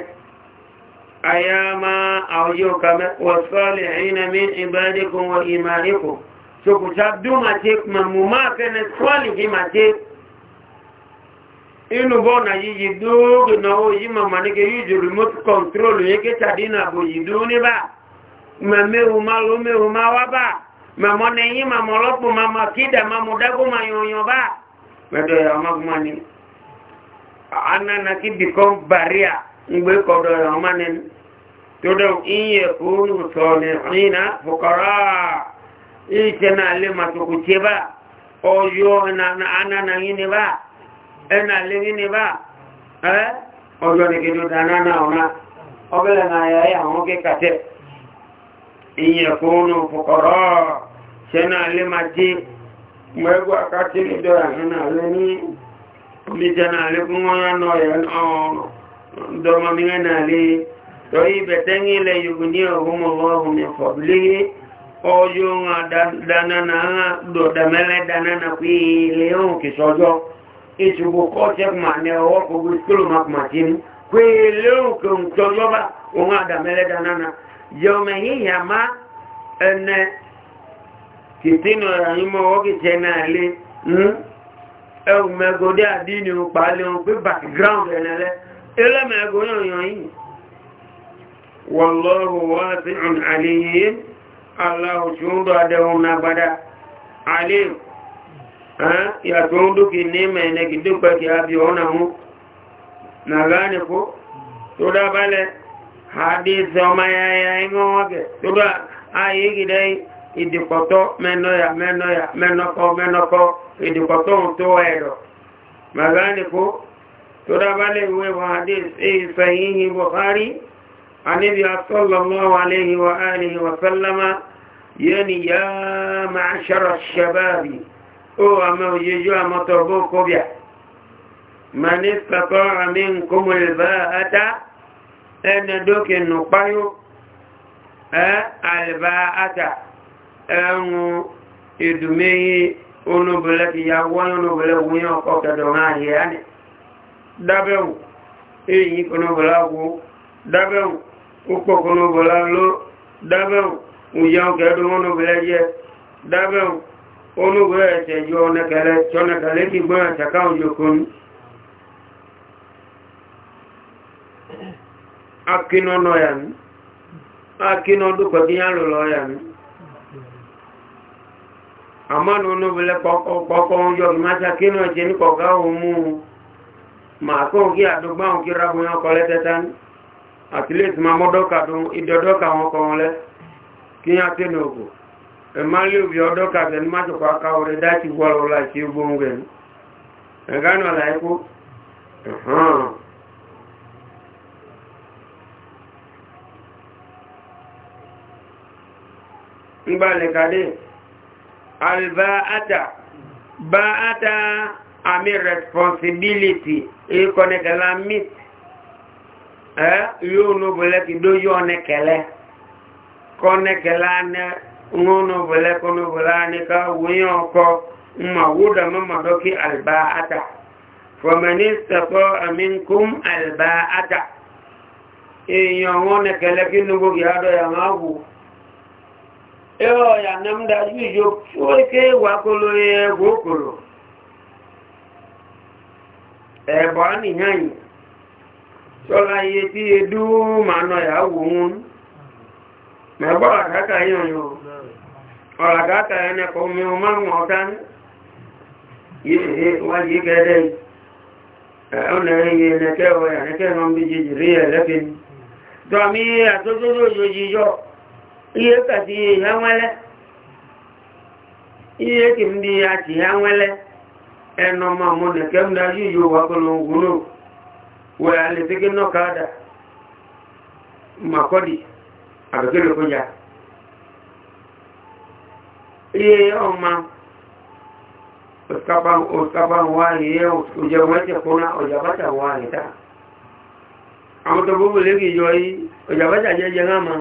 inú bọ́ọ̀nà yìí dóògì náà mama màmá ní kí yíjò remote control yẹ kí tàbí nàbò yìí dúró ní bá mẹ́mẹ́hu má ló mẹ́hu má wá bá mẹ́mọ́ ní yí màmọ́ lọ́pọ̀ màmá Ma màmú dágó má yọ̀nyọ̀ bá mẹ́tọ́ yà ọmọ kúmọ́ ni ananaki become barrier ngbé kọ́dọ̀ yà ọmọ ni tó dẹ̀ ìyẹ̀ kúrú sọ̀nì ìnà fòkọ́rọ́ ìṣẹ́ náà lè màtòkù na na ana na yi ni ba ẹ̀nà lèrí ní bá ẹ́ ọjọ́ ní gẹ̀dọ̀ dáná náà ọ̀nà ọbẹ̀lẹ̀ náà yà yà wọ́n gẹ́ kàtẹ́ ìyẹ̀ fóònù fòkọ̀rọ̀ ṣẹ́nà lè máa jí mẹ́gbọ́ akátí níjọ́ ẹ̀nà lè ní oníṣẹ́nà lè fún wọn ránà ẹ̀ ọ̀dọ́mọ mìíràn náà lè torí bẹ̀tẹ́yìn ilẹ̀ yorùbá ní ọ̀hún ọ̀hún ìfọ̀bílé ọjọ́ dáná náà dọ̀dàmẹ́lẹ́ dáná náà pé ilé òun kìí sọjọ́ ìṣòwò kọ́ọ̀ṣẹ́ mà ní ọwọ́ gbogbo skúlù máa kùmà sí mú pé lóhùn kò ń tọ́ lọ́ba òun àdàmẹ́lẹ́dà náà yọmọ yíyà má ẹnẹ kìtínú ẹ̀yìn ọwọ́ kìtẹ́ náà lé ẹ̀wù àdínì pàálẹ̀ ohun pé background ẹ̀nẹ́lẹ́ ẹlẹ́mẹ̀ẹ́gò náà yàn yìí wọ́n yàtọ̀ ń dókè ní mẹ́ẹ̀nẹ́ kì dúpẹ́ kì á bí ọ́nà mú nà láàrín kó tó dábálẹ̀ àdé zọmọ yáyá ẹ̀wọ̀n wọ́gẹ̀ tó bá ayé gidẹ́ ìdìpọ̀tọ́ mẹ́nọ́yà mẹ́nọ́yà mẹ́nọ́kọ́ mẹ́nọ́kọ́ ìdìpọ̀tọ́ tó ẹ̀rọ nà láàrín kó tó dábálẹ̀ ìwé wọn àdé ìsẹ̀yìn buhari anibi asọ́lọ́mọ́ aléhi wa alihi wa sallama yẹni yá máa ṣẹ́rọ̀ ṣẹ́bàbí ó àmà òyejò àmọ́tọ̀bọ̀ kọbíà ma ní pẹ̀kọ́ àmì nkúmùlùbá átá ẹni dókè nùpáyó ẹ́ àlùbá átà ẹ̀hùn ìdùmẹ́yí onúbẹ̀lẹ̀ kì yà wọ́n onúbẹ̀lẹ̀ wúyàn ọkọ̀ kẹdọ̀ máa yẹ á ní dábẹ̀wò èyí konúbẹ̀lá wo dábẹ̀wò púpọ̀ konúbẹ̀lá yẹ dábẹ̀wò onu böylece diyor ne kere çöne kere ki buna çakal yukun akkin onu yan akkin onu kodiyan lulu yan aman onu bile koko koko yok maça kin o için koka umu mako ki adukma o ki rabu yan kole tetan at least mamodoka idodoka on kole kinyate nogu. Okay. emali obi ọdọ kàbẹ ní májòkó aka orí dáti gbọ́rọ̀ láti gbóngbẹ̀ ní ẹ̀gánà láìkó ẹ̀hàn ngbàlẹ̀kàdé albá ata bá ata àmì responsibility ìkọ̀nẹ̀kẹ̀lá mit ẹ́ yóò nóbulẹ́kì dójú ọ̀nẹ̀kẹ̀lẹ́ kọ́nẹ̀kẹ̀lá náà ngono bele kono bulani ka wuyo ko ma wuda mama doki alba'ata wa man istata'a minkum alba'ata e yawone kala kinu bo yado ya magu e o ya namda yujo choke wa kolo ye gokolo e bani nyanyi sola ye ti ma mano ya wun me ba ka ka yo yo ọ̀làgátà ẹni kò mi o máa wọ̀n ọ̀tá wájí gẹ́dẹ́ ọ̀nàrin ẹnẹ́kẹ́ ọ̀yà ẹnẹ́kẹ́ ẹ̀nà bí jìjì rí ẹ̀lẹ́fẹ́ ni tó àmì àtójójó yójí yọ iye kàtí ìhẹ́wẹ́lẹ́ iye ọmọ ọmọdẹ̀kẹ́ mdá yíyọ wà kọlọ̀ngúnlò wẹ̀ àlẹ́fẹ́kẹ́ náà káàdà màkọ́dì àbẹ̀kẹ́ lókójá iye ọmọ òṣìkàbà wà iye òjò mẹ́jẹ̀ fún ọjàbájà wà nìta àwọn tó gbogbo lè gbìyànjọ yìí ọjàbájà jẹ́jẹ́ rámà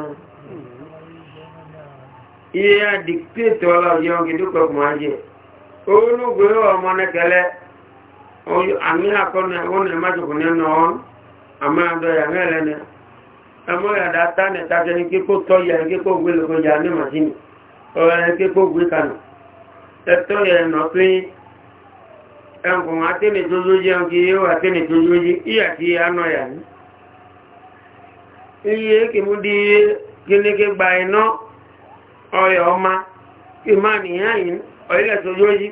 iye a dì pé tọ́lá ọjọ́ gẹ̀dúkọ̀ Àmọ́ ìyàdá tánẹ̀ tàbí ẹni kí kó tọ́ yẹ ẹni kí kó gbé lè kó jẹ́ àmì màá sínú. ọ̀rẹ́ kékó gbé kanù ẹ̀tọ́ yẹn nọ pé ẹnkùn atẹ́lẹ̀ tójó jẹun kí yíó atẹ́lẹ̀ tójó jí ìyà kí anọ yà ní iye kìmú di kíníkí gba iná ọ̀rẹ́ ọma ìmá nìyàn yìí ọ̀rẹ́lẹ̀ tójó jí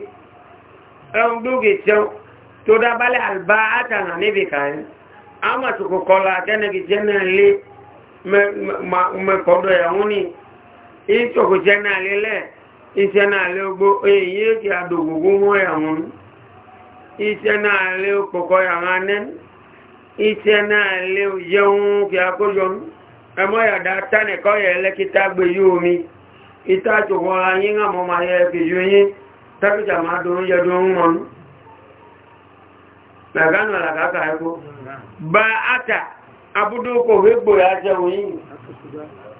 ẹun dókè tẹun tó dábálẹ̀ àlbá àtànà níbi kàáyín àmàtùkù kọlà atẹ́nẹ̀kì jẹ́ náà lé mẹ́kọ̀ọ́dọ̀ yà wọ́n ni ìtọ̀kùjẹ́ náà lélẹ̀ iṣẹ́ náà lé ogbó èyí èkì ya mọ́ ẹ̀hún iṣẹ́ náà lé pọ̀kọ́ àwọn anẹ́ iṣẹ́ náà lé yẹun kí a kó yọ ẹmọ́ yàdá tánìkọ́ yẹ lẹ́kítà gbé yí omi ìtàjòwọ́ ayé ń àmọ́ máa yẹ fi yú yí tábìjà máa dùn yẹ dùn aka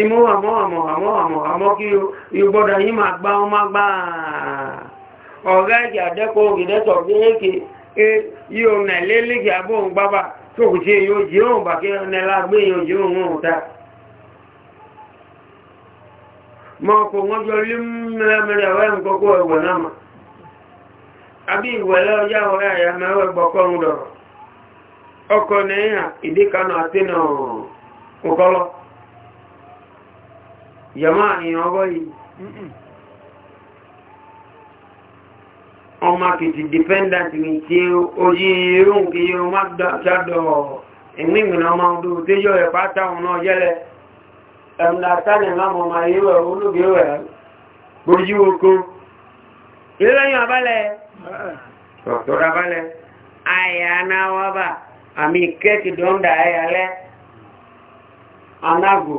imú àmọ́ àmọ́ àmọ́ àmọ́ àmọ́ kí ìgbọ́dọ̀ yí máa gbá ọmọ gbá ọ̀gá ìjì àdẹ́kọ̀ ògìdẹ́tọ̀ gẹ́ẹ̀kì yíò nà lélẹ́gì àbóhùn bábà tó kù sí èyí òjì òun bàkẹ́ ọ̀nẹ́lá gbé èyí òjì òun òun ta mọ́ kò ìdíkanà àti nà ọ̀kọ́lọ́ yàmá àníyàn ọgọ́ yìí ọmọ kìtì dependent ní tí ojí irú kí yóò má ṣádọ̀ ẹ̀mí ìgbìnà ọmọ ọdún tíjọ ẹ̀ pátá ọ̀nà ọjẹ́lẹ̀ ẹ̀mdà tánẹ̀ lámọ̀ ọmọ irú ẹ̀ olóògbé rẹ̀ gbójú oko ìlẹ́yìn abálẹ̀ ọ̀tọ́ra abálẹ̀ àyà anáwọ́bà àmì kẹ́kì dọ́ndà ẹ̀yà lẹ́ anágò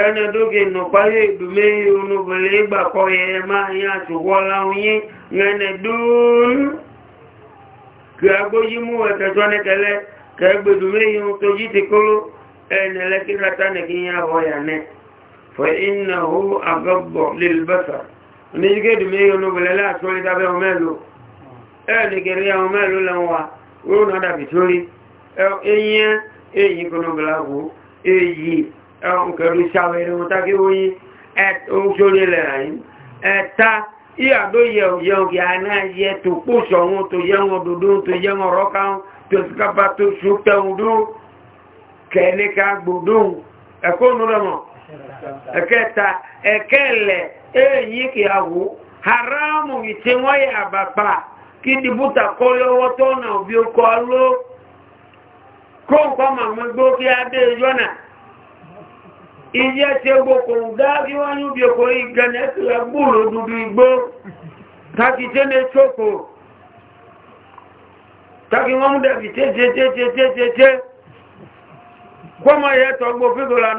ẹni dókè nùpáyé ìdùmé onúbìnrin ìgbàkọ́ yẹ máa yá àtìwọ́ láwọn yí ẹni dóòrùn kí agbójí mú ẹ̀kẹ́sọ́ nẹ́kẹ́lẹ́ kẹgbẹ̀dùmé yíò tó jí ti kóló ẹni lẹ́kírata nìkí yá ọ̀yà nẹ́ ní nkẹ̀rù ìṣàwẹ̀rẹ̀ wọn tàbí oyin ẹ̀tọ́jọ́lẹ̀lẹ̀ àyín ẹ̀ta ìyàdó yẹ̀ọ̀gì anáyẹ tó pòṣọ̀ wọn tó yẹ wọn dòdó tó yẹ wọn rọ́ká tó síkápá tó ṣúpẹ̀hùn dó kẹ̀ẹ́nìká gbòdó ẹ̀kọ́ nùrọ̀mọ̀ ẹ̀kẹta ẹ̀kẹ́lẹ̀ èyí kìyàwó haramu ìtí wọ́n yẹ àbàpà kí dìbútà kọ́ lọ́wọ́ tọ́nà òbí ó kọ́ ló kó nǹkan màmú gbó kí adé yọ́nà ìyẹ́ tí ó gbogbo dáàbí wọ́n ní obìnkò ìgẹ̀nẹ̀ tí ó gbúrò dúdú igbó tàbí tí ní ṣòkò tàbí wọ́n mú dẹ̀bí tẹ́tẹ́tẹ́tẹ́tẹ́ kọ́mọ̀ ìyẹ́ tọ́gbò fígòlà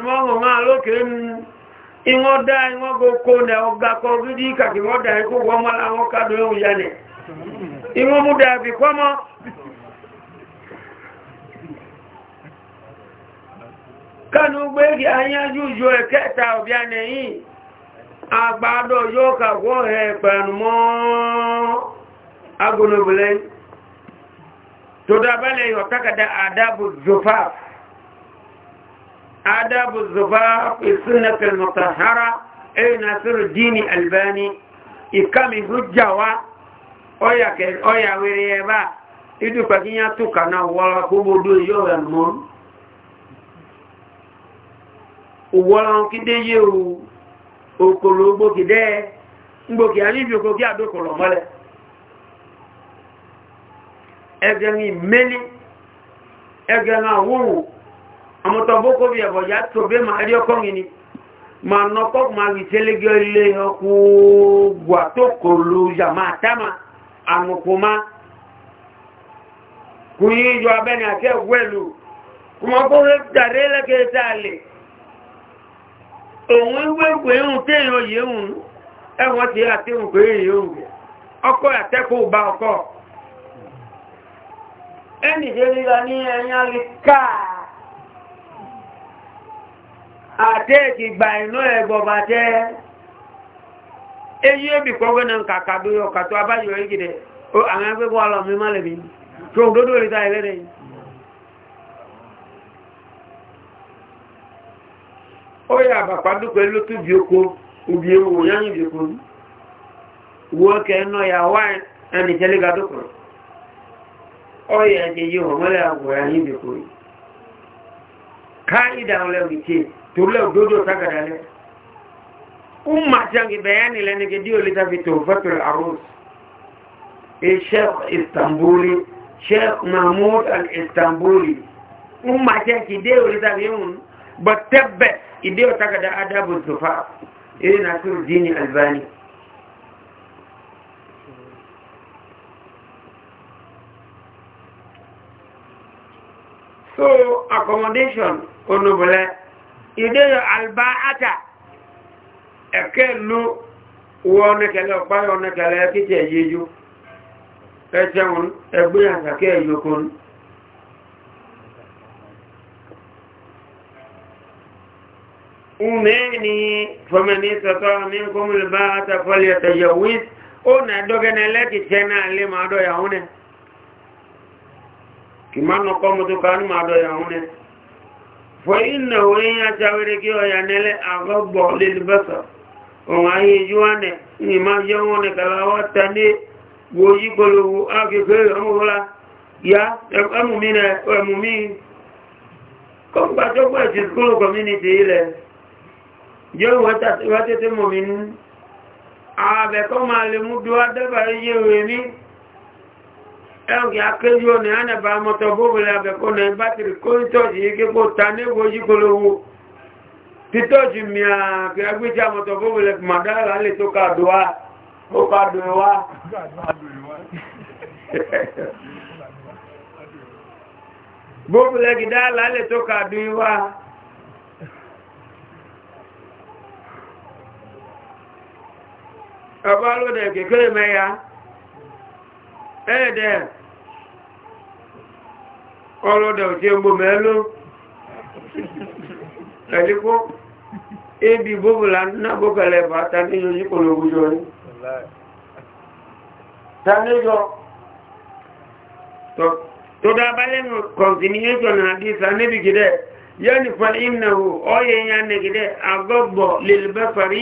kánú gbégi ayájújú ẹ̀kẹta e òbí anẹ̀yìn àgbàdọ̀ yóò kàgbọ́ ẹ̀ pẹ̀lú mọ́ agunobìnrin tó dábálẹ̀ yọ takada adábù zufaf adábù zufaf ìsúnnàkì mọ̀tàhárá ẹ̀yìn nasiru dini albani ìkàmì hujjawa ọyàwẹ̀rẹ̀ ẹ̀bá ìdúkàkíyàn túkà náà wọ́la kó gbogbo yóò rẹ̀ òwòrán kí dé yé òkòlò gbòkì dẹ́ gbòkì àníjòkó kí àdókòlò mọ́lẹ̀ ẹgbẹ̀rin mẹ́lí ẹgbẹ̀rin àwòrán àmọ́tọ̀bókò bí ẹ̀bọ̀ yá tó máa rí ọkọ́rin ni ma nọ́kọ́ ma rí òun wéwé ń téèyàn yìí ń ewu tí a ti ohun pè é yìí ń ọkọ̀ àtẹ́kù bá ọkọ̀ ní ẹ̀yán lè káà àtẹ́ẹ̀kì gbà iná ẹgbọ̀bà jẹ́ èyí ẹbì kọ́gbẹ́ náà kàkà abájọ́ ìgìdẹ̀ àwọn ẹgbẹ́gbọ́ alọ́mí má lẹ́bí tó òdòdó ìta oya bàbá dúpẹ́ ló tún bí oko ibi ewu yányin bí oko wọ́n kẹ́ ná ya wá ẹni tẹ́lẹ̀ ga dúpẹ́ oya ẹ̀jẹ̀ yìí wọ́n mọ́lẹ̀ àgbò yányin bí oko ká ìdáhùn lẹ́wọ̀n ìtì torí lẹ́wọ̀n dódò sákàdá lẹ́ umma jangi bayani lẹ́ni gidi o lita fi tofatul arus e sheikh istanbuli sheikh mahmud al istanbuli umma jangi de o lita fi yun but tabbas idai wata ga da adabun tufa irin na turu dini albani so accommodation onubule idai Eke lu wọ́n nẹ́kẹ̀lẹ́ ọ̀páyọ̀ nẹ́kẹ̀lẹ́ kíkẹ̀ yíjú ẹ̀ṣẹ̀wọ̀n ẹgbẹ́ àtàkẹ́ ìyókùn umeni famani tata minkum albata falyatajawiz ona dogana laki tena le mado ya une kimano ko mutu mado ya une fa inna ya tawre ki ya nele agobbo lil basar o ayi juane ni ma yone kala watani woyi golu ake ke amula ya amumi ba community ile yóò wọ́n tètè mọ̀ mi nú ààbẹ̀kọ́ máa lè mú bí wá dẹ́bà yé rẹ̀ ní ẹ̀rùn akéjú ọ̀nà ànàbà mọ́tọ̀ bóbulẹ̀ àbẹ̀kọ́ náà bátìrì kó ń tọ́jì kíkó ta níwò yíkolówó títọ́jì mi àgbẹ́jà mọ́tọ̀ bóbulẹ̀ màdára lè tó kàdùwá ó kàdùwá bóbulẹ̀ gidá lálẹ̀ tó kàdùwá ọba ló dẹ̀ kékeré mẹ́ya ẹ̀ẹ́dẹ̀ ọlọ́dẹ̀ òtí egbò mẹ́lú ẹ̀líkó ebi bóbùlá náàbókẹ̀lẹ̀ bàtà ní yóò yíkò lóògùjọ rí sanéjọ tó dábálẹ̀ continuation àdísà níbi gidẹ̀ yẹ́ nìfà ìmìnà ò ọ́yẹ̀ yẹ́ nìgidẹ̀ agọ́gbọ̀ lè fari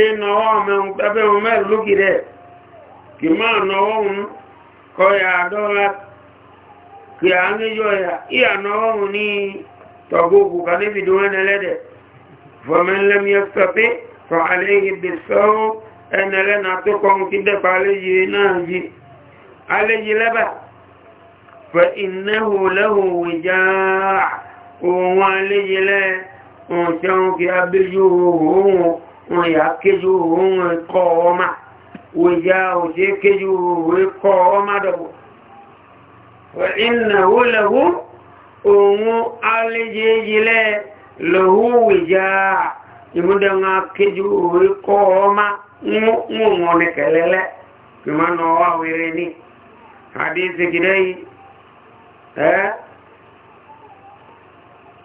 ìnáwó mẹ́un tàbí ohun mẹ́rin lókì rẹ̀ kì máa náwó hun ya àdọ́lá kì á ní yọ̀yà ní tọ̀gbogbo kà níbi dúnwẹ́n ẹlẹ́dẹ̀ fọmẹ́lẹ́mí ẹ̀fẹ́fẹ́ fọ àlẹ́yìn bẹ̀sọ́ọ́ ẹnẹlẹ́nà nke kọ́ na wọn yà kéjú òun kọ́ ọmọ wọ́n yà òṣè kéjú òun kọ́ ọmọ dọ̀bọ̀ ìnáwó lẹ́wọ́ òun alẹ́jẹ́jìlẹ́ lọ́wọ́ wìjà ìmúdẹ̀wọ̀n kéjú òun kọ́ ọmọ wọn ní kẹlẹ́lẹ́ kìmọ́ nà ọwọ́ àwẹ̀rẹ̀ ní àdíṣe kìdẹ́ yìí ẹ́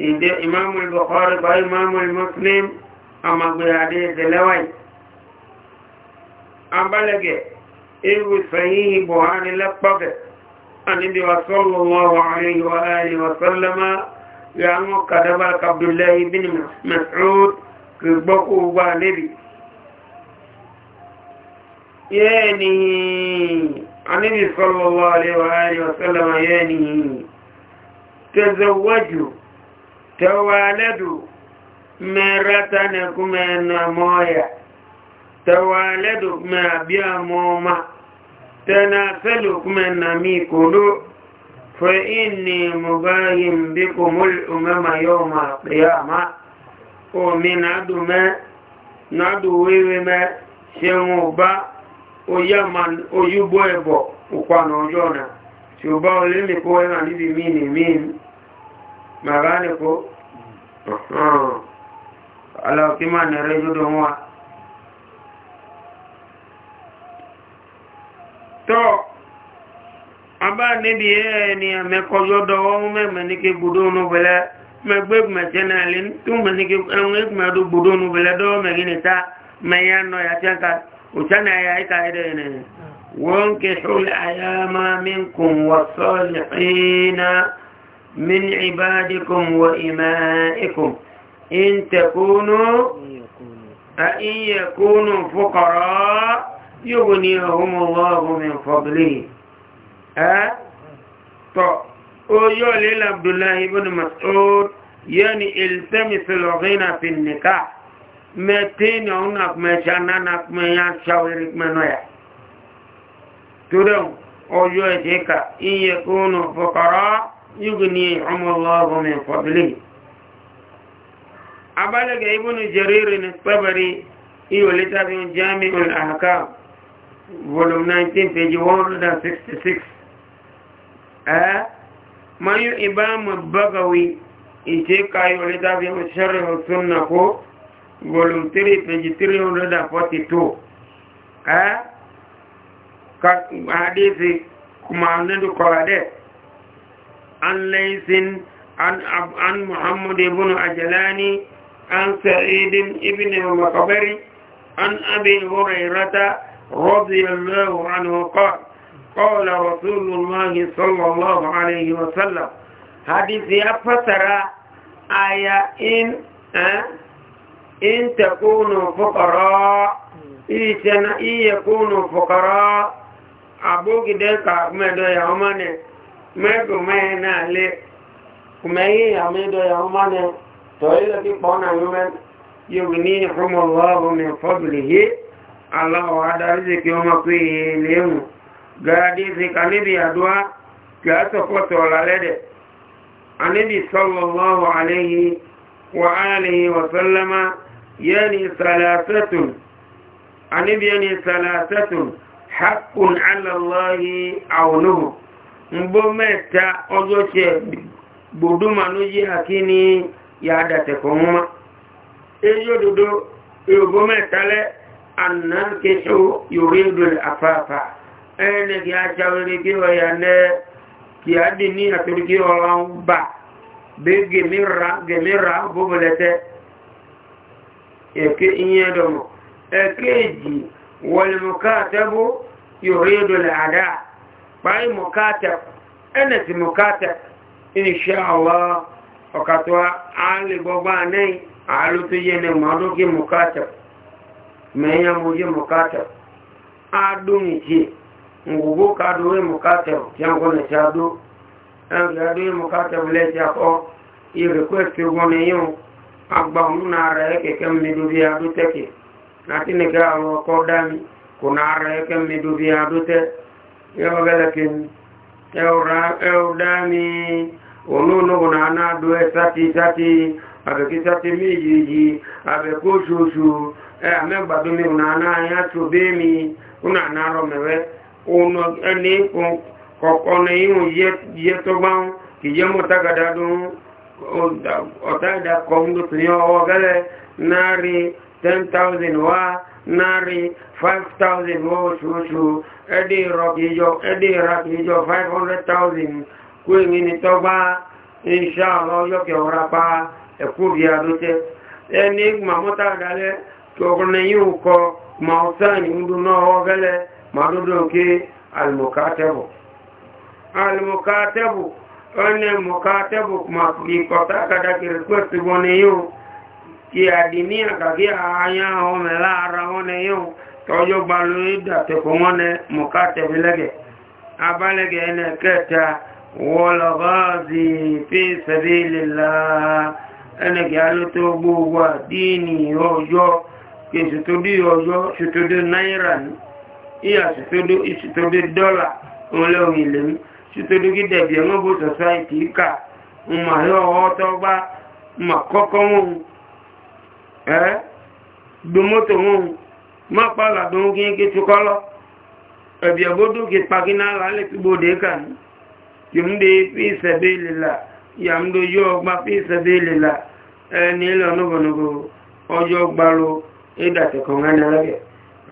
ìdẹ́ ìmáàmù ìbọ̀kọ́rẹ́ bá ìmáàmù ìmọ̀kìnrin amagbèrèadé ìdẹ̀lẹ́wàì abálẹ̀gẹ̀ ewu sàyíhì buhari lẹ́pọ̀gẹ̀ àníbi wasọ́lọ́wọ́ àríwá àríwá sọ́lọ́má ya ń kàdábà kàbdùlẹ̀ ibn mas'ud kì gbọ́kú gbà níbi yẹ́ni àníbi sọ́lọ́wọ́ mẹ́rẹ́ta ní kúmẹ̀ ẹ̀nà mọ́ọ̀yà tẹwàálẹ́dù kúmẹ̀ àbí àmọ́ọ̀má tẹ́nà fẹ́lù kúmẹ̀ ẹ̀nà mí kòdó fẹ́ ìní mọ̀báyìn bí kò mọ́lùmẹ́mà yóò máa pẹ̀yà má omi nádù wéwé mẹ́ ṣeun ọba oyúbọ̀ ẹ̀bọ̀ òkwànà ọjọ́ náà ṣùgbọ́n olè nìkó ẹ̀rà níbi mí nì mí màrá nìkó ọ̀hán aláwọ̀kímà nẹ̀rẹ́ jódò wọn tọ́ abá níbi ẹni àmẹ́kọ́ yọ́dọ̀ wọ́n mẹ́mẹ́ ní kí gbùdó nù bẹ̀lẹ́ mẹ́gbẹ́ mẹ́tẹ́ náà lè tún mẹ́ ní kí ẹ̀wọ̀n ẹgbẹ̀rún gbùdó nù bẹ̀lẹ́ dọ́wọ́ mẹ́rin níta mẹ́yà nọ yàtẹ́ka òtánà ẹ̀yà ẹ̀ka wọ́n kẹ́ ṣúlẹ̀ àyàmá mínkùn wọ́sọ́ọ̀lẹ̀ ẹ̀ẹ́nà min ibadikum wa imaikum إن تكونوا أئن يكونوا فقراء يغنيهم الله من فضله أه طب أيوة ليل عبد الله بن مسعود يعني التمس الغنى في النكاح متين هناك مشانانك ميان شاورك منويا تدوم أيوة تيكا إن يكونوا فقراء يغنيهم الله من فضله abalaga ibn jarir ne tabari iyo littafin jami'ul ahkam volume 19 page 166 eh mayu imam bagawi ite kayo littafin sharh sunna ko volume 3 page 342 eh ka hadisi kuma nan ko ade an laysin an an muhammad ibn ajlani عن سعيد ابن المقبري عن أبي هريرة رضي الله عنه قال قال رسول الله صلى الله عليه وسلم حديث أفترى آية إن إن تكونوا فقراء إن يكونوا فقراء أبوك ديك أحمد يا أماني ما كمينا لك كمينا يا أماني tọ́lẹ́lẹ́ tí pọ́nà wíwẹ́ yóò ní ìfúnmọ̀lọ́wọ́ mi fọ́bìlì yé aláwọ̀ adarí kí ọmọ pé léhùn gáàdì sí kaníbi àdúwá kí a sọpọ̀tọ̀ lálẹ́dẹ̀ aníbi sọ́lọ̀lọ́wọ́ aléhi wà áàlèhi wọ̀sọ́lẹ́má yẹ́ni sàlàsẹ́tùn aníbi yẹ́ni sàlàsẹ́tùn hakùn alàlọ́hì àwọnúhù ń mẹ́ta ọjọ́ ṣe gbòdúmanú yí àkíní ya dàtẹ̀kọ̀ wọn ma èyí òdòdó yorùbá mẹ́tàlẹ́ àná kéṣó yorùbá ìdòlè afáfá ẹni kí a ṣàwérí kí wọ́n yà ní kí a dì ní àtúrí kí ọlọ́run bà bí gèmíra gèmíra bóbulẹ̀tẹ́ èké ìyẹn dọ̀mọ̀ èkéèjì wọlùmùkátẹ́bù yorùbá ìdòlè àdá báyìí mùkátẹ́ ẹnẹ̀tì mùkátẹ́ inṣẹ́ àwọn ọ̀kàtọ́ alẹ́gbọ́gbá anẹ́yìn àálù tó yẹ ní mọ́dókí mọ́kátà mẹ́yàn mọ́jí mọ́kátà adóyìntì ngùgbó kádówé mọ́kátà tí a ń kọ́ nẹ̀tí adó ẹgbẹ̀rẹ́dówé mọ́kátà lẹ́tí akọ́ ìrẹ́kọ́ẹ̀tì ogun nìyàn agbà òun náà rẹ̀ kẹ̀kẹ́ mẹ́dóbí adó tẹ́kẹ̀ láti nìkẹ́ àwọn ọkọ̀ dání kò náà rẹ̀ kẹ́ mẹ́dóbí adó tẹ́ yọ olóòlóòwò náà náà dó ẹ sáti sáti àbẹ̀kí sáti méjì yìí àbẹ̀kó ṣoṣo ẹ àmẹ́gbàdó mi náà náà yá tó bé mi ó náà náà rọ mẹ́rẹ́ ọ̀nà ẹni kọ̀ọ̀kan ní ìhùn yẹ tọ́gbọ́n kì yẹ mọ́ tágàdá dún ọ̀tá ìdá kọ́ńdó tó ní ọwọ́ gẹ́lẹ́ náà rí ten thousand wá náà rí five thousand wọ́ ṣoṣo ẹ̀dẹ̀ rọ̀ kì í jọ five hundred thousand kú èmi ni tọ́ bá iṣẹ́ àwọn ọlọ́kẹ̀ ọ̀rá pa ẹ̀kú rí adótẹ́ ẹni màmúta àdálẹ́ kí ọkùnrin yóò kọ màúsáàni ń dún náà ọgẹ́lẹ́ màdúdókè alìmọ̀kátẹ́bù alìmọ̀kátẹ́bù ọ̀nà mọ̀kátẹ́bù ìkọ̀tà kàdàkiri pẹ̀sì wọn ni yóò kí àdìní àkàkí àáyá ọmọ ẹ̀lá ara wọn ni yóò tọ́jọ́ gbalóyè dàtẹ̀kọ̀ wọn ni mọ̀kátẹ́bù lẹ́gẹ̀ẹ́ abálẹ́gẹ̀ẹ́ ẹnẹ́kẹ́ta والغازي في سبيل الله أنا قالوا توبوا ديني يوجو كي ستودي يوجو ستودي نيران إيا ستودي ستودي دولار ولو يلم ستودي كده بيانوبو سوسايتي كا وما هو وطوبا ما كوكومون ẹ́ domoto wọn má pàlà dùn kí n kí tukọ́ lọ ẹ̀bí ẹ̀bọ́dún kí pàkínà lálẹ́ pígbòdé kà ní yòmdé fi sẹ̀bẹ̀lì la yàmdó yọ ọgbà fi sẹ̀bẹ̀lì la ẹni ilẹ̀ ọ̀nàbọ̀nàbọ̀ ọjọ́ gbalo ìdàtẹ̀kọ̀ ńlẹ́lẹ́gẹ̀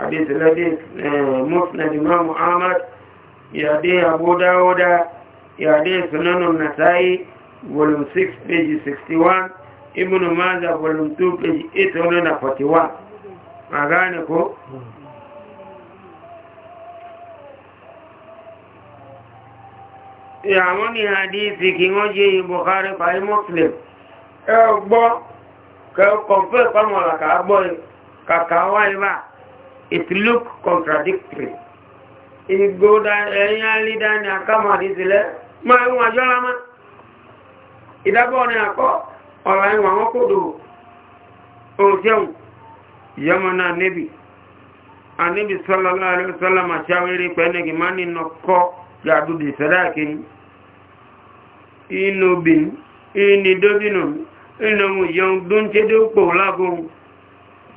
àbísẹ̀lẹ́dẹ̀ mọ́fìnàdì máa muhammad yàdé àbúdáwọ́dá yàdé sunanu nasa'i volume 6 page 61 ibùnú mazà volume 2 page 841 magánìkó àwọn ní àdíìsì kí wọ́n yé ìbọ̀kárí parí muslim ẹ gbọ́ kọfẹ́ pàmọ̀lá kàágbọ́ kàkàwà ibà it look contradictory ìgbódà ẹ̀yìn alídá ni àkàmà àdíìsìlẹ̀ máa ń wájọ́ lámá ìdábọ̀ ni àkọ́ ọ̀rọ̀ ìwà wọn kò dò òṣèun yọmọ̀nà níbi àníbi sọ́lọ́lá àríwísọ́lá màṣáwérí pẹ́ẹ́nẹ́gì má nínú kọ́ yàdúdì sẹ́dáàkiri inu bin ini dobinu inu upo lago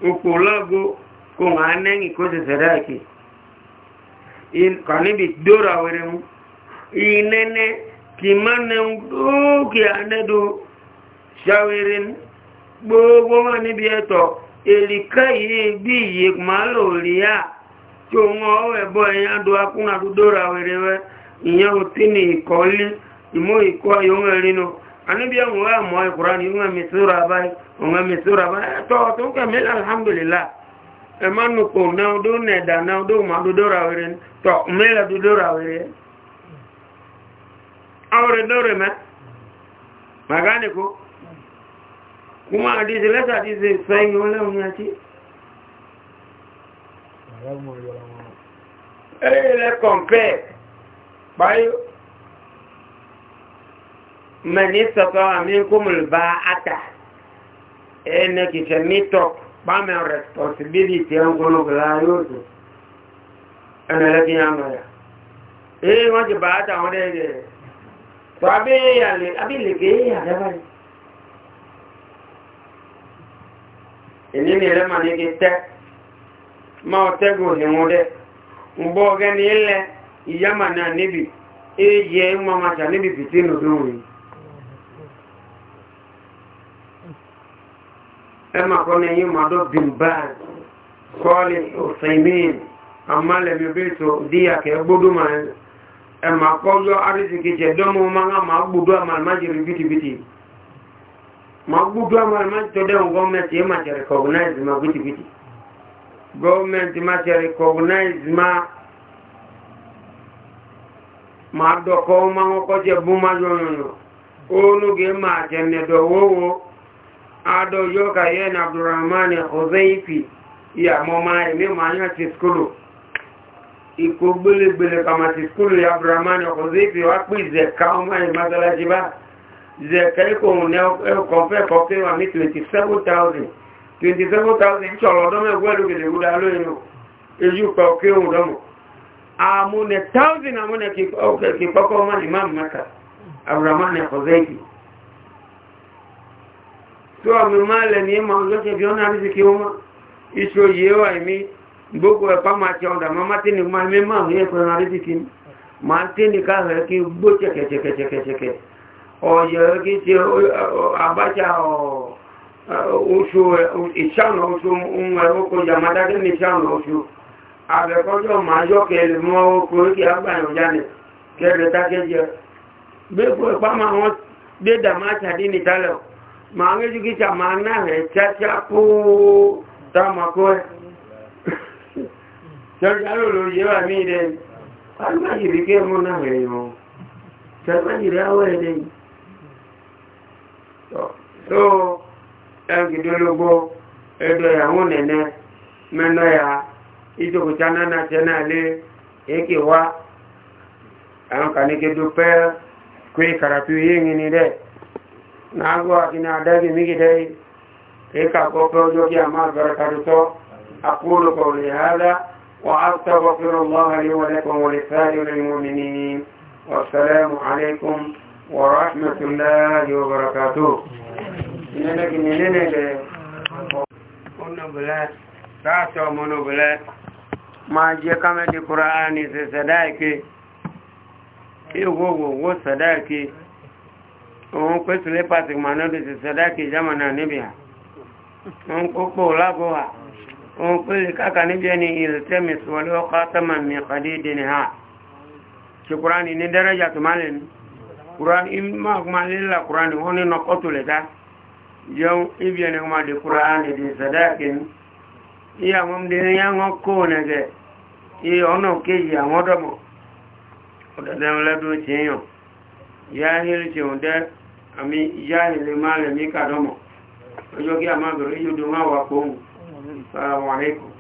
upo lago ko anengi ko se kanibi dora were mu inene kimane o ki anedo gbogbo ma níbi ẹ̀tọ̀ èlìkẹ́ yìí bí iye màálò rí à tí òun ọwọ́ ẹ̀bọ́ ẹ̀yán do akúnadúdó ra wẹ̀rẹ̀wẹ̀ ìyẹn ò tí ní ìkọ́lé imo ikuwa yunga lino anabi yangu wa mwa Qur'an yunga misura bai yunga misura bai eh, to to ka mel alhamdulillah emanu ko na do ne da na do ma do dora were to mela do dora were awre dore ma magane ko kuma hadisi lesa hadisi sai wala unyati Eh, le compare. Bayo, mẹni sọkọ àmínkùmùl bá àtà ẹnẹ kìsẹ nítọ pàmẹ rẹsipọsibiliti ẹnkọlọgbọlá yóò tó ẹnẹlẹkì yà mọ yà èyí wọn ti bá àtà wọn dẹ yẹ tó abéyàlè abéyàlè àdábàlè n'ile ni ẹlẹ́mà ní kí tẹ́ máa tẹ́gùn ní ẹmà kọ́ ní yí mọ́dọ́ bimbaz kọ́lì òsèmín amálẹ̀mẹ́bẹ́tò díyàkẹ́ gbódó ma ẹmà kọ́ yọ arísìkì jẹ dọ́mọ máa ma gbódó àmàlmájèrè bìtìbìtì ma gbódó àmàlmájẹ́dẹ̀wọ̀n gọ́ọ̀mẹ́ntì ẹmà ma bìtìbìtì gọ́ọ̀mẹ́ntì ma jẹ recognize ma ma dọ̀kọ́ ma wọ́kọ́ jẹ bú ma adọ́jọ́ kàyẹ́ ní abdurrahman ọ̀zẹ́ìfì ìyàmọ́má ẹ̀mí màáyà ti skúlù ikú gbélégbélé kàmà ti skúlù ya abdurrahman ọ̀zẹ́ìfì wá pè zẹ̀ká ọmọ ìmọ́sálásí bá zẹ̀ká ikọ̀hún ẹ̀kọ́fẹ́ kọ́kẹ́ wà ní 27,000 27,000 ṣọ̀lọ̀ ọdọ́ mẹ́gbẹ́ lókèlè tó àmì máa ní ma lọ́sẹ̀ bí ọ́nà àrísì kí ó má iṣò yìí wà ní gbogbo ẹ̀pá máa ti ọ̀dà máa tí ní máa ní ẹ̀pẹ̀ kí máa tí ní káàrẹ̀ kí gbó chẹ̀kẹ̀chẹ̀kẹ̀chẹ̀kẹ̀ ọ̀yẹ̀ kí àbájá oṣù ìṣànà oṣù ní ìṣànà oṣù mange juga cak mana he, cak cakku tak makoi. Cak jalu lu jawa ni deh, apa yang dikira mana he yo? Cak mana dia awal deh? So, so, yang kita lupa, itu yang mana ni, mana ya? Itu kucana na cina le, eki wa, yang kani kita dupel, kui karapu ini deh. naago akina adagi migidai eka kope ojoki amal barakaruto aqulu qawli hadha wa astaghfiru allaha li wa lakum wa lisa'iri almu'minin wassalamu alaykum wa rahmatullahi wa barakatuh inene kinene di qur'ani se sadaki igogo wo sadaki òun pé telepathic máa ná lè ṣe sadaki jamana níbi à òun kó pò lágò à òun pé lè káka níbi ẹni ìrètẹ́mì sọ̀rọ̀ ọkọ̀ tẹ́mà mi kàdé dèní ha ṣùkúránì ní dẹ́rẹ́jà tó máa lè ní kúránì ìmọ̀ àkùmá lílà kúránì wọn nínú kọ́tù lẹ́ta jẹun ibi ẹni wọn di kúránì di sadaki ní iye àwọn ọmọdé ní yẹn wọn kó nẹgẹ iye ọ̀nà kéjì àwọn ọdọ mọ ọdọdẹ ńlá tó ṣe yàn yáa nílùú ṣe òun dẹ́rẹ́. àmì ìyá ilẹ̀ máa rẹ̀ ní kàdọ́mọ̀ ọjọ́ kí a máa bẹ̀rẹ̀ yóò dùn máa wà pọ̀ ohun